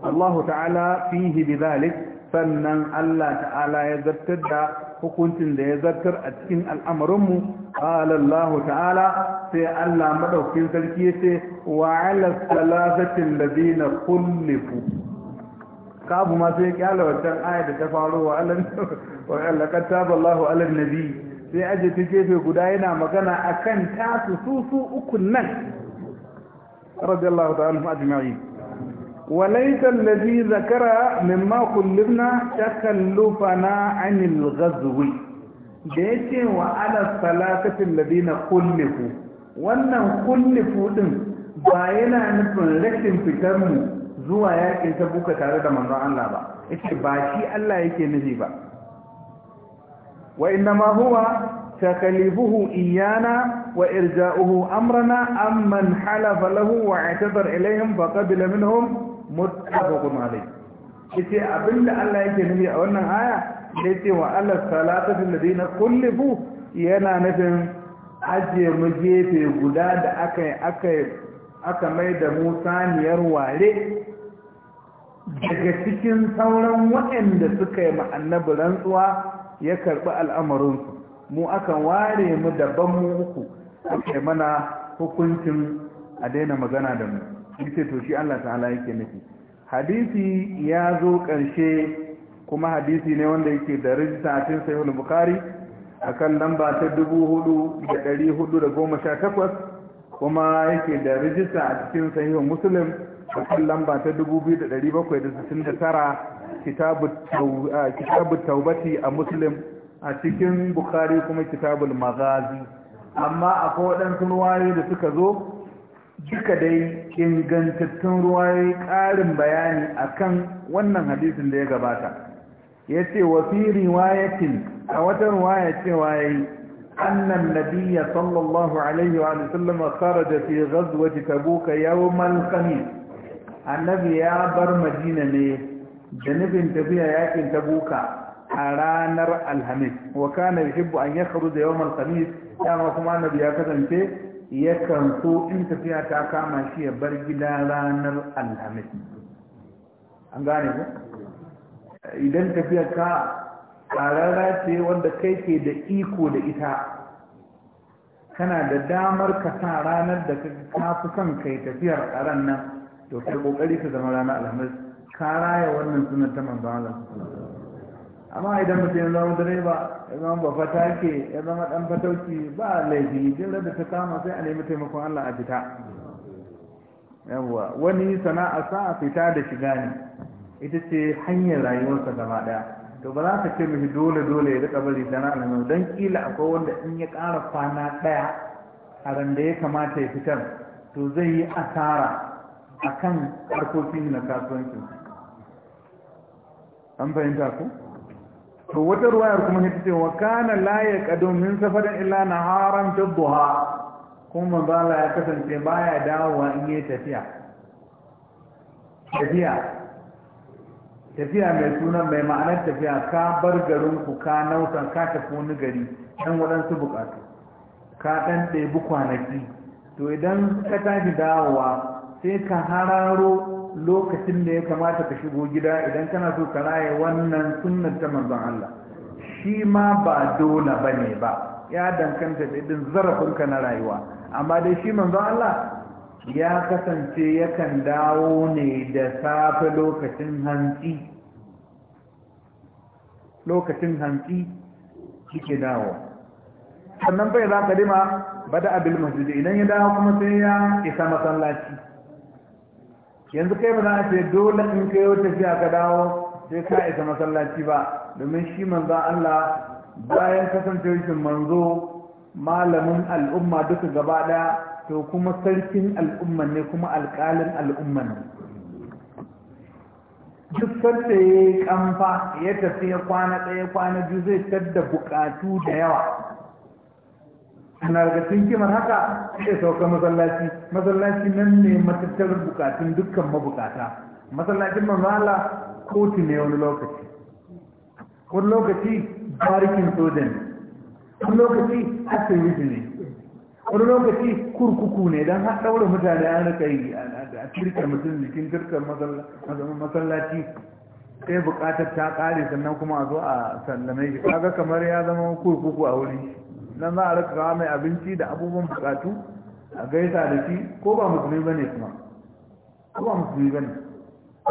Allah ta'ala fihi zalik sannan Allah ta'ala ya zartar da hukuncin da ya zartar a cikin al'amarinmu a'a Allah ta'ala sai Allah maɗaukin sarki yace wa 'ala salasatil ladina kullifu kabu ma sai kyala wancan aya da ta faruwa wa Allah wa sai aje ta gefe guda yana magana a kan tasu su su ukun nan radiyallahu ta'ala ajma'i wa laysa alladhi zakara mimma kullibna takallufana anil ghazwi da yace wa ala salatati alladhina kullifu wannan kullifu din ba yana nufin rashin fitar mu zuwa yakin tabuka tare da manzon Allah ba yace ba shi Allah yake nufi ba وإنما هو تكليفه إيانا وإرجاؤه أمرنا أم من حلف له واعتذر إليهم فقبل منهم متفق عليه yace abin Allah yake nufi a wannan aya da yace wa Allah salatatul ladina kullifu yana nufin ajiye mu gefe guda da aka aka aka mai da mu saniyar ware daga cikin sauran waɗanda suka yi ma annabi rantsuwa ya karɓi al'amarinsu mu akan ware mu daban mu uku ake mana hukuncin a daina magana da mu ita to shi Allah ta'ala yake nufi hadisi ya zo ƙarshe kuma hadisi ne wanda yake da rijista a cikin sahihul bukhari akan lamba ta 4418 kuma yake da rijista a cikin sahihul muslim akan lamba ta 2769 kitabu taubati a muslim a cikin bukari kuma kitabul magazi amma akwai waɗansu ruwaye da suka zo duka dai ingantattun ruwaye ƙarin bayani akan wannan hadisin da ya gabata ya ce wa fi riwayatin a wata riwaya cewa ya yi annan nabiya sallallahu alaihi wa sallam kharaja fi ghazwati tabuka yawmal khamis annabi ya bar madina ne da nufin tafiya yakin buka a ranar alhamis wa kana yuhibbu an yakhruja yawm alhamis dama kuma annabi ya kasance yakan so in tafiya ta kama shi ya bar gida ranar alhamis an gane ku idan tafiya ka tsararra ce wanda kai ke da iko da ita kana da damar ka sa ranar da ka fi son kai tafiyar a nan to kai kokari ka zama ranar alhamis ka raya wannan sunan ta manzo Allah amma idan mutum ya zama direba ya zama ba fata ke ya zama dan fatauci ba laifi jin da ta kama sai a nemi taimakon Allah a fita yawwa wani sana'a sa a fita da shiga ne ita ce hanyar rayuwarsa gaba daya to ba za ka ce mishi dole dole ya rika bari sana'a nan don kila akwai wanda in ya ƙara kwana ɗaya a ran da ya kamata ya fitar to zai yi asara akan harkokin na kasuwancin an fahimta ku to wata ruwayar kuma ne ce wa kana la yaqadu min safarin illa naharan tadduha kuma manzala ya kasance baya dawowa in yi tafiya tafiya tafiya mai suna mai ma'anar tafiya ka bar garinku ka nausan ka tafi wani gari ɗan waɗansu bukatu ka dan ɗebi kwanaki to idan ka tashi dawowa sai ka hararo lokacin da ya kamata ka shigo gida idan kana so ka raya wannan sunnar ta manzon Allah shi ma ba dole bane ba ya dankanta da idan zarafinka na rayuwa amma dai shi manzon Allah ya kasance yakan dawo ne da safe lokacin hantsi lokacin hantsi yake dawo sannan bai za ka dima bada abil masjid idan ya dawo kuma sai ya isa masallaci yanzu kai ba za a ce dole in kai wata tafiya ka dawo sai ka isa masallaci ba domin shi manzon Allah bayan kasancewar shi manzo malamin al'umma duka gaba daya to kuma sarkin al'umma ne kuma alƙalin al'umma ne duk sarta ya yi kamfa ya tafi ya kwana ɗaya kwana biyu zai tadda buƙatu da yawa ana daga kimar haka sai sauka masallaci masallaci nan ne matattar bukatun dukkan mabukata masallacin mamala kotu ne wani lokaci wani lokaci barikin sojan wani lokaci asibiti ne wani lokaci kurkuku ne don har daura mutane an rika yi a cikin mutum jikin cirkar masallaci sai bukatar ta kare sannan kuma a zo a sallame shi kaga kamar ya zama kurkuku a wuri. shi nan za a raka kawo mai abinci da abubuwan bukatu a gaisa da shi ko ba musulmi ba ne kuma ko ba musulmi ba ne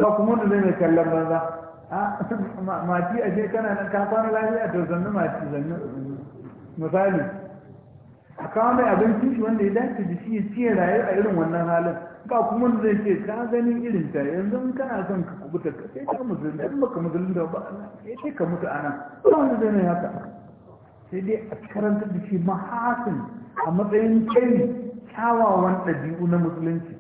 ba kuma wanda zai mai kallon banza a mati a je kana nan ka kwana lafiya to zannu mati zannu misali a kawo mai abinci shi wanda ya dace da shi ya ciye rayu a irin wannan halin ba kuma wanda zai ce ka ganin irin ta yanzu in kana son ka kubuta ka sai ka musulmi ba ka musulmi da ba ya ce ka mutu ana ba wanda zai mai haka sai dai a karanta da shi mahasin a matsayin kai kyawawan ɗabi'u na musulunci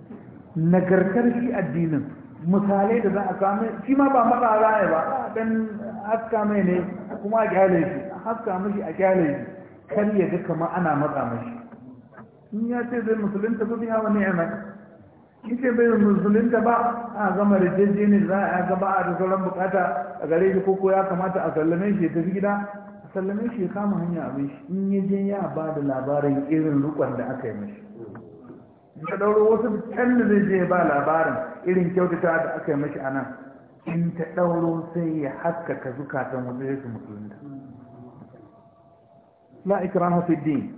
nagartar shi addinin misalai da za a kame shi ma ba matsa ra'ayi ba dan haska mai ne kuma a kyale shi haska mashi a kyale shi kar ya ga kama ana matsa mashi in ya ce zai musulunta ba ya wani yana in ce bai musulunta ba a gama da jejje ne za a gaba a da sauran bukata a gare shi ko ya kamata a sallame shi ya tafi gida sallame shi kama hanya abin shi in ya je ya ba da labarin irin rukon da aka yi mashi in ka ɗauro wasu can da zai je ba labarin irin kyautata da aka yi mashi a nan in ta ɗauro sai ya haskaka zukatan wasu ya su musulunta la ikraha din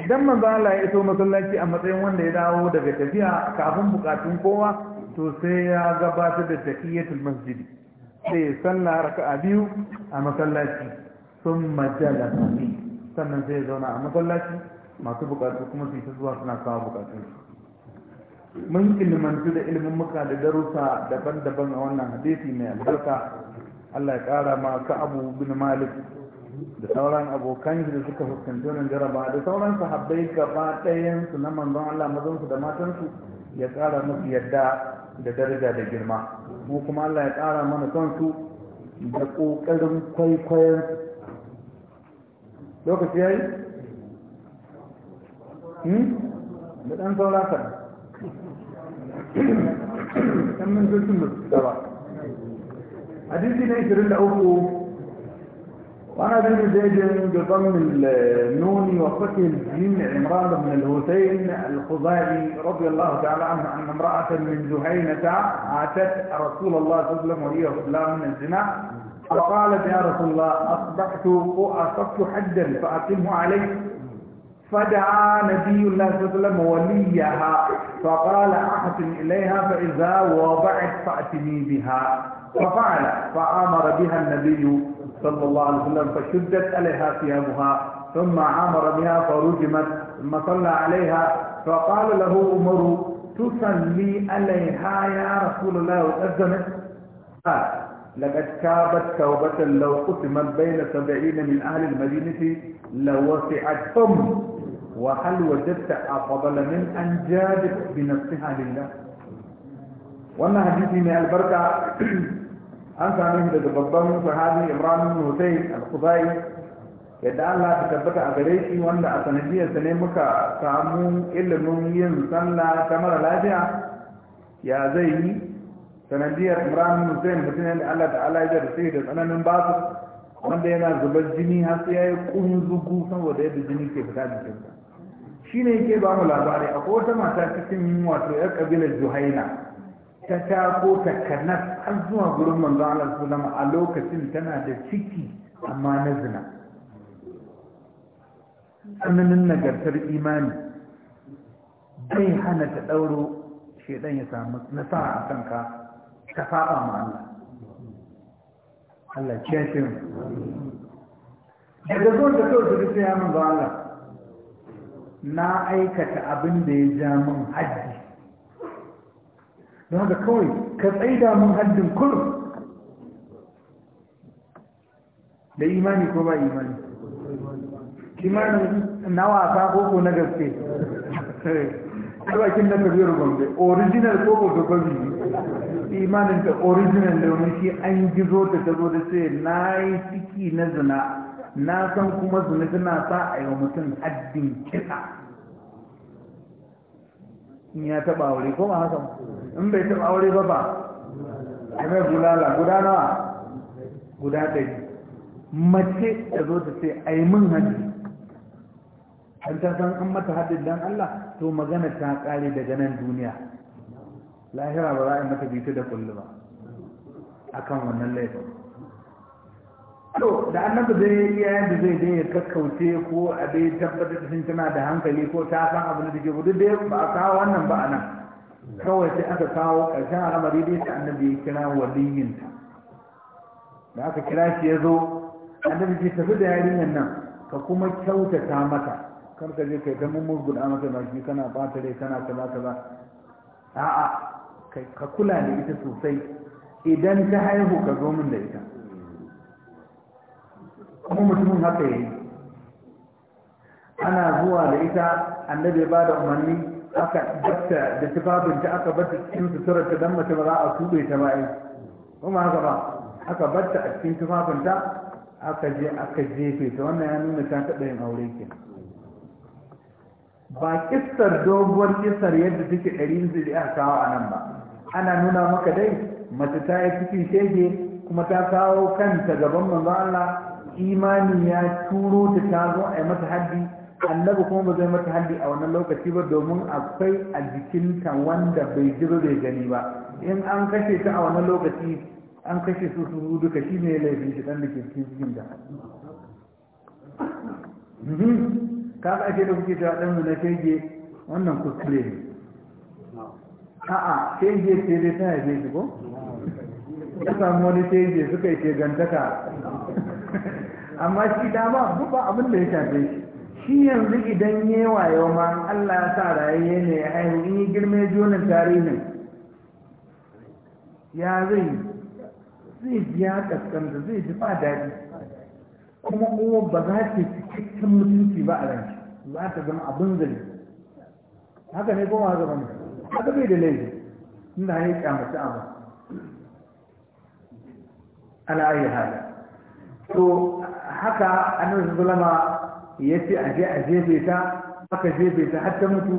idan manzo Allah ya iso masallaci a matsayin wanda ya dawo daga tafiya kafin bukatun kowa to sai ya gabatar da tafiyatul masjidi sai sallah raka'a biyu a masallaci sun majala sami sannan sai zauna a masallaci masu bukatu kuma su ta zuwa suna kawo bukatu mun ilmantu da ilimin muka da darusa daban-daban a wannan hadisi mai albarka Allah ya kara ma ka Abu bin Malik da sauran abokan shi da suka fuskanci wannan jaraba da sauran sahabbai gaba ɗayan su na manzon Allah mazan su da matan su ya kara musu yadda da daraja da girma mu kuma Allah ya ƙara mana son su da ƙoƙarin kwaikwayon lokaci ya yi? Hmm? da ɗan saurata ɗan min zurfin musu gaba hadisi na 23 وأنا بن زيد بضم النون وفتح الجيم عمران بن الهوسين الخزاعي رضي الله تعالى عنه أن امرأة من جهينة عاتت رسول الله صلى الله عليه وسلم وهي من الزنا فقالت يا رسول الله أصبحت وأصبت حدا فأتمه عليه فدعا نبي الله صلى الله عليه وسلم وليها فقال أحسن إليها فإذا وضعت فأتني بها ففعل فأمر بها النبي صلى الله عليه وسلم فشدت عليها ثيابها ثم عامر بها فرجمت ثم صلى عليها فقال له عمر تصلي عليها يا رسول الله وأذنت قال لقد كابت توبة لو قسمت بين سبعين من أهل المدينة لوسعتهم وهل وجدت أفضل من أن جادت بنفسها لله وأن حديثي من البركة an sami shi daga babban sahabi imran bin hussein al-khuzai yadda Allah ta tabbata a gare shi wanda a sanadiyarsa ne muka samu ilimin yin sallah ta mara lafiya ya zai yi sanadiyar imran bin hussein mutum ne Allah ta'ala ya jarrace da tsananin basu wanda yana zubar jini har sai ya yi kunzugu saboda yadda jini ke fita jikinsa shine yake ba mu labari akwai wata mata cikin wato yar kabilar juhaina ta tako ta kanas har zuwa gurin manzo Allah sallama a lokacin tana da ciki amma na zina tsananin nagartar imani bai hana ta ɗauro shaidan ya samu nasara a kanka ka saba ma Allah Allah ya ce daga zo da kawai da ya manzo Allah na aikata abin da ya ja min hajji don haka kawai ka tsaida mun haddin kullum da imani ko ba imani kimanin nawa wasa koko na gaske alwakin na kabiyar gombe original koko da gobi imanin ta original domin shi an gizo ta ta zo da ce na yi ciki na zina na san kuma zina tana sa a yi mutum haddin kisa in ya taba aure ko ba haka in bai taba aure ba ba mai bulala guda nawa guda ɗari mace da zo ta ce yi mun hajji an ta san an mata haɗin don Allah to magana ta ƙare daga nan duniya lahira ba za a yi mata bita da kullu ba akan wannan laifin to da annabi zai iya yadda zai je ya kakkauce ko a dai tabbatar da sun tana da hankali ko ta san abin da take gudu dai ba a kawo wannan ba a nan kawai sai aka kawo ƙarshen al'amari dai sai annabi ya kira waliyinta da aka kira shi ya zo annabi ce tafi da yarinyar nan ka kuma kyautata mata kar ka je kai ta mummugun guda mata shi kana bata rai kana kaza kaza a'a ka kula da ita sosai idan ta haihu ka zo min da ita kuma mutumin haka yi ana zuwa da ita annabi ba da umarni aka dabta da tufafinta aka bata cikin suturarta don mace ba za a tube ta ba yi kuma haka ba aka bata a cikin tufafinta aka je aka jefe ta wannan ya nuna ta taɓa yin aure ke ba kistar doguwar kistar yadda take ɗari da aka kawo a nan ba ana nuna maka dai mace ta yi cikin shege kuma ta kawo kanta gaban manzo Allah imani ya turo ta ta zo a yi mata haddi annabi kuma ba zai mata haddi a wannan lokaci ba domin akwai a jikinta wanda bai ji ba bai gani ba in an kashe ta a wannan lokaci an kashe su su duka shi ne laifin shi dan da ke cikin cikin da mhm. ka ga ake da kuke cewa dan mu na shege wannan kuskure ne a'a shege ce dai ta haife shi ko ya samu wani shege suka yi ke gantaka. amma shi dama duk ba abin da ya shafe shi shi yanzu idan ya yau ma Allah ya sa raye ne ya haihu in yi girme jonin tarihin ya zai zai ji ya kaskanta zai ji ba daɗi kuma kuma ba za ta cikin mutunci ba a shi za ta zama abin zai haka ne kuma zama ne haka bai da laifi inda ya kyamata ba ala'ayi hada to haka annabi sallama ya ce a je a jefe ta aka jefe ta har ta mutu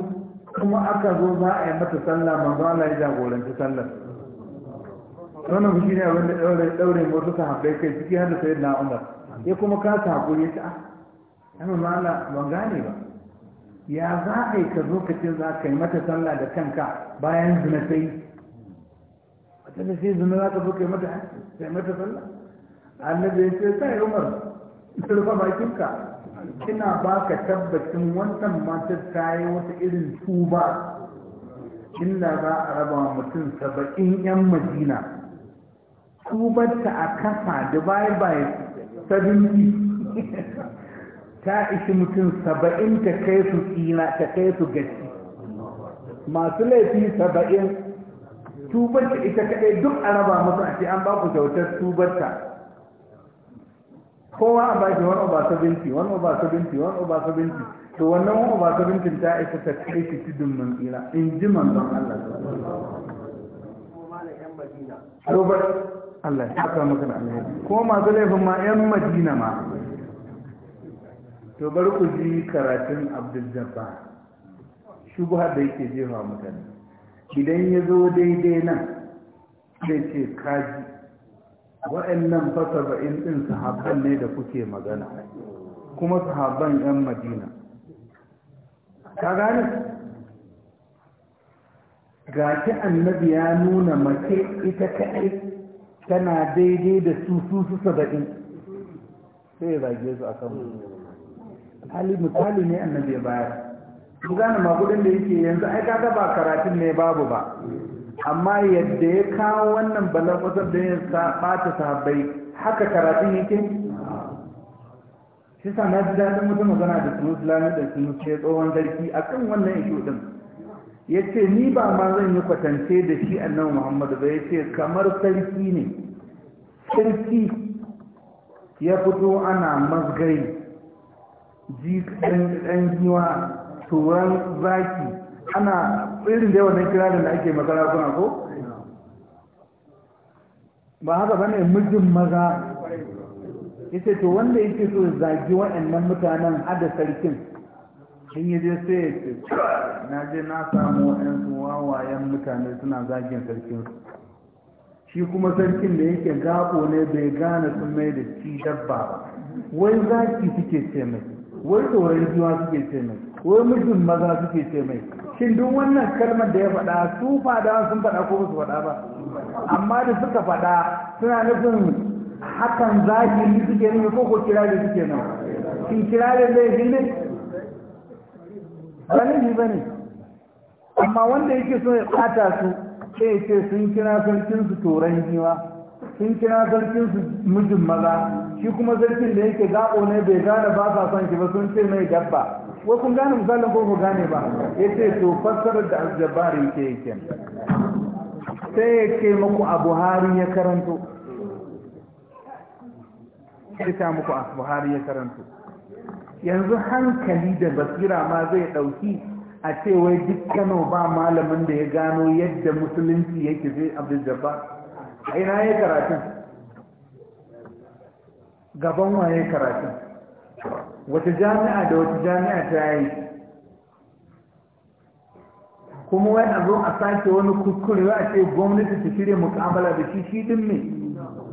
kuma aka zo za a yi mata sallah manzo Allah ya jagoranci sallar wannan fushi ne abin da daure daure suka haɓe kai ciki har da sayyidina Umar ya kuma ka ta hakuri ya ce ah annabi Allah ban gane ba ya za a yi ka zo ka ce za ka yi mata sallah da kanka bayan zina sai wata da sai zina za ka zo ka yi mata sallah annabi ce sai umar rufe bakinka Kina baka tabbacin wannan matar ta yi wata irin tuba illa za a raba mutum saba'in yan madina tubarta a kasa da bai bai sabinci ta ishi mutum saba'in ta kai su tsina ta kai su gaci masu laifi saba'in tubarta ita kaɗai duk a raba mutum a ce an ba ku kyautar tubarta kowa a baki wani over binti wani over binti wani over binti to wannan wani over seventy ta isa ta kai shi tudun mun tsira in ji don Allah Robert Allah ya saka maka da alheri ko masu laifin ma yan Madina ma to bari ku ji karatun Abdul Jabbar shubha da yake jefa mutane idan ya zo daidai nan zai ce kaji wa'annan fa saba'in din sahabban ne da kuke magana kuma sahabban yan madina ka gane ga ki annabi ya nuna mace ita kaɗai tana daidai da su su su saba'in sai ya zage su a kan hali misali ne annabi ya bayar ku gane magudin da yake yanzu ai kaga ba karatun ne babu ba amma yadda ya kawo wannan wasan da ya ɓata sahabbai haka karatun yake shi sa na ji daɗin wata magana da sunus Lami da sunus ce tsohon zarki a kan wannan ishu ɗin ya ce ni ba ma zan yi kwatance da shi annabi muhammadu ba ya ce kamar sarki ne sarki ya fito ana mazgari jikin ɗan giwa turan zaki ana irin da wannan kirari da ake magana kuna ko ba haka bane mijin maza yace to wanda yake so zagi waɗannan mutanen hada sarkin in yi je sai ya ce na je na samu waɗansu wawayen mutane suna zagin sarkin shi kuma sarkin da yake gaɓo ne bai gane sun mai da ci dabba ba wai zaki suke ce mai wai tsoron jiwa suke ce mai wai mijin maza suke ce mai shin duk wannan kalmar da ya faɗa su fada sun faɗa ko ba su faɗa ba amma da suka faɗa suna nufin hakan zahiri suke nufi ko ko kirare suke nan shin kirare laifin ne ba ne ba ne amma wanda yake so ya ɓata su sai ce sun kira sarkin su turan jiwa sun kira sarkin su mijin maza shi kuma sarkin da yake gaɓo ne bai gane ba sa son shi ba sun ce mai dabba wai kun gane misalin ko ku gane ba ya ce to fassarar da aljabari ke yi sai ya ce muku a buhari ya karanto ya ta muku a buhari ya karanto yanzu hankali da basira ma zai ɗauki a ce wai duk kano ba malamin da ya gano yadda musulunci yake zai abdul a ina ya karatun gaban waye karatun wata jami'a da wata jami'a ta yi kuma wani abu a sake wani kuskure a ce gwamnati ta shirya mukamala da shi shi din ne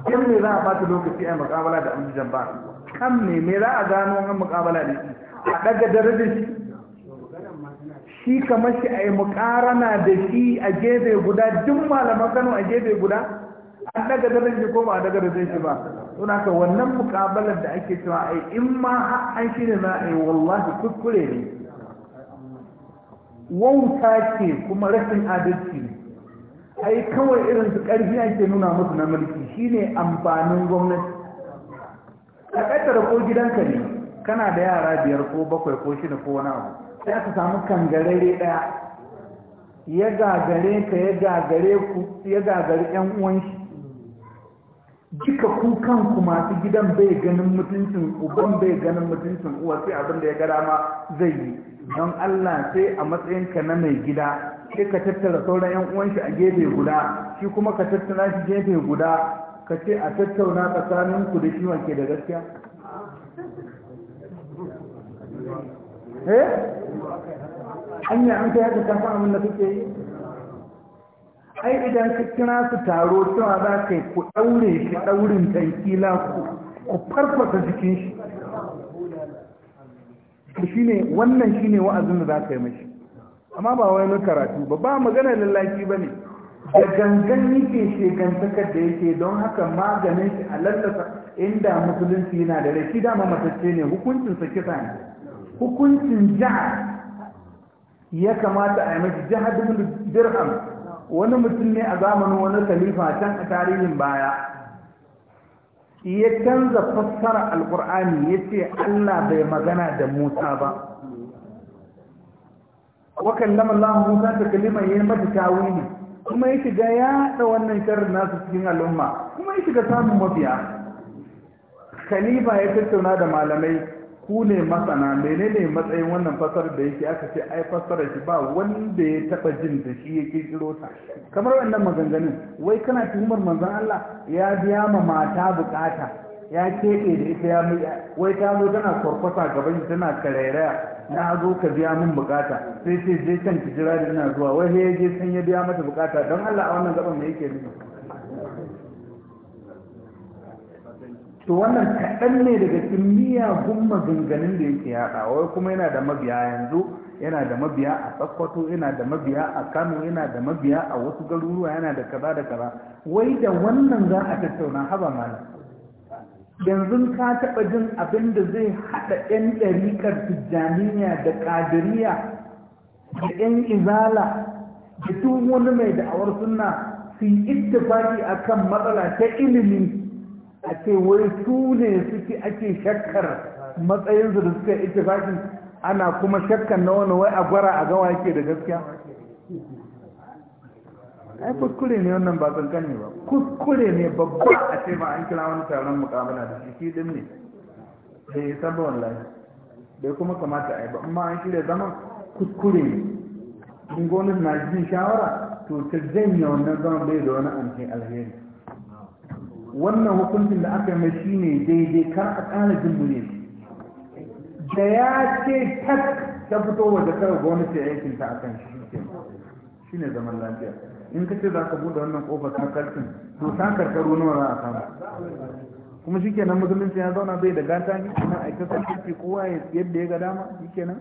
kin ne za a bata lokaci a mukamala da amjan ba kan ne me za a gano wani mukamala da shi a daga darajar shi shi kamar shi a yi mukarana da shi a gefe guda duk malaman kano a gefe guda an daga darajar shi ko ba a daga darajar shi ba don haka wannan mukabalar da ake cewa ai in ma an shirya na ai wallahi kuskure ne wauta ce kuma rashin adalci ne ai kawai irin su ƙarfi ake nuna musu na mulki shine amfanin gwamnati a da ko gidanka ne kana da yara biyar ko bakwai ko shida ko wani abu sai aka samu kangarare ɗaya ya gagare ka ya gagare ku ya gagare ƴan uwan shi duka ku masu gidan bai ganin mutuncin uban bai ganin mutuncin uwa sai abin da ya gara ma zai yi don Allah sai a matsayin ka na mai gida sai ka tattara sauran yan uwan shi a gefe guda shi kuma ka tattara shi gefe guda ka ce a tattauna tsakanin ku da shi wanke da gaskiya eh anya an kai haka kan san abin da kuke yi ai idan ka kira su taro cewa za ka yi ku ɗaure shi ɗaurin tankila ku ku farfasa jikin shi to shine wannan shine wa'azin da za ka yi mashi amma ba wani karatu ba ba magana lallaki ba ne da gangan yake shegantakar da yake don haka maganin shi a lallasa inda musulunci yana da rai shi dama matacce ne hukuncinsa kisa ne hukuncin jihar ya kamata a yi mashi jihar dirham wani mutum ne a zamanin wani khalifa can a tarihin baya ya canza fassara alkur'ani ya ce allah bai magana da musa ba wakan lama lamun musa ta kalimar ya mata ne kuma ya shiga yaɗa wannan shirin nasu cikin al'umma kuma ya shiga samun mafiya. khalifa ya tattauna da malamai ku ne masana menene matsayin wannan fasar da yake aka ce ai fasara shi ba wanda ya taba jin da shi ya kirkiro ta kamar wannan maganganun wai kana tuhumar manzon Allah ya biya ma mata bukata ya keke da ita ya wai ta zo tana kwarkwasa gaban shi tana karairaya na zo ka biya min bukata sai sai je can ki jira ina zuwa wai sai ya je san ya biya mata bukata don Allah a wannan gaban me yake nufi to wannan kaɗan ne daga cikin miyagun maganganun da yake yaɗa wai kuma yana da mabiya yanzu yana da mabiya a Sokoto yana da mabiya a Kano yana da mabiya a wasu garuruwa yana da kaza da kaza wai da wannan za a tattauna haba malam yanzu ka taɓa jin abin da zai haɗa 'yan ɗarikar tijjaniya da ƙadiriya da 'yan izala da tun wani mai da'awar sunna su yi ittifaki akan matsala ta ilimin. a ce wai su ne suke ake shakkar matsayinsu da suka ita bakin ana kuma shakkar na wani wai a gwara a gawa yake da gaskiya ai kuskure ne wannan ba kankan ne ba kuskure ne babba a ce ba an kira wani taron mukamala da shi din ne da ya saba wallahi bai kuma kamata a yi ba amma an shirya zaman kuskure ne in gonin na jin shawara to ta janye wannan zaman bai da wani amfani alheri wannan hukuncin da aka mai shi ne daidai kar a ƙara jin mune da ya ce tak ta fito waje kawai gwamnati ya yankin ta akan shi shi ne zaman lafiya in ka ce za ka buɗe wannan ƙofar sakarkin to ta karkaro nawa za a samu kuma shi kenan musulunci ya zauna bai da gata ne kuma a sai sarki kowa yadda ya ga dama shi kenan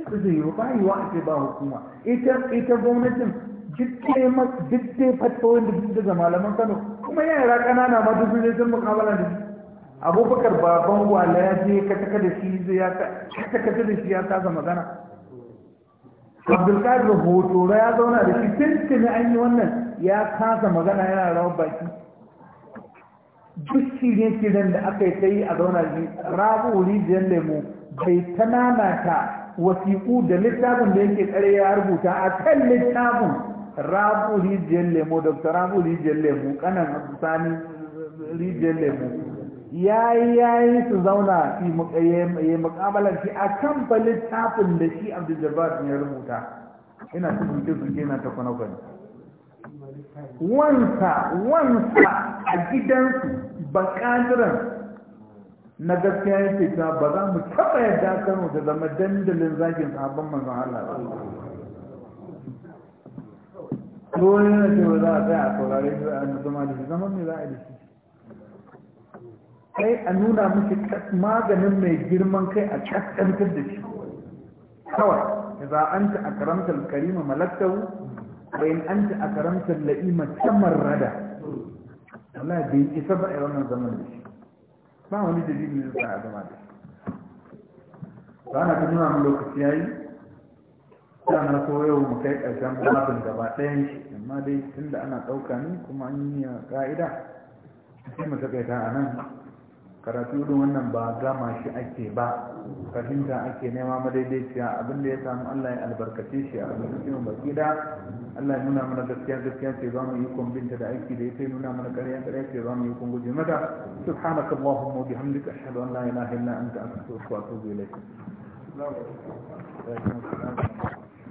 ita zai yi ba yi wa a ce ba hukuma ita gwamnatin duk dai fatoyin da duk daga malaman kano kuma yara ƙanana ma duk ne sun da shi abubakar baban wala ya je kataka da shi zai ya kataka da shi ya magana abdulkadir hoto ya zauna da shi tuntuni an yi wannan ya kasa magana yana rawa baki duk shirye-shiryen da aka yi ta a zauna shi rabu rijiyar lemu bai ta nanata wasiƙu da littafin da yake tsare ya rubuta a kan littafin rabu rijiyar lemu, dr rabu rijiyar lemu, kanan sani rijiyar lemo ya yi ya yi su zauna ya mukabalar shi a kan littafin da shi abdul jabbar ya rubuta ina suke suke na ta kwanakwani. wansa a gidansu bakadiran na gaskiya ya ce ba za mu taɓa yadda kano da zama dandalin zagin sabon manzon Allah ko yana cewa za a tsaya a saurare su a zama da shi zaman mai za a da shi sai a nuna miki maganin mai girman kai a kaskantar da shi kawai ya za an ta a karamtar karima malaktau bayan an ta a karamtar la'ima ta rada wala da yi isa ba a wannan zaman da shi ba wani dalilin da za a zama da shi ba na ta nuna mu lokaci ya yi. na so yau mu kai karshen babin gaba ɗayan shi amma dai da ana ɗauka ne kuma an yi ƙa'ida sai mu takaita a nan karatu irin wannan ba gama shi ake ba fahimta ake nema madaidaiciya abin da ya samu Allah ya albarkace shi a albarkacin baki da Allah ya nuna mana gaskiya gaskiya ce ba mu kun binta da aiki da ya yake nuna mana ƙarya ƙarya ce ba mu kun guje mata subhanaka allahumma wa bihamdika ashhadu an la ilaha illa anta astaghfiruka wa atubu ilayk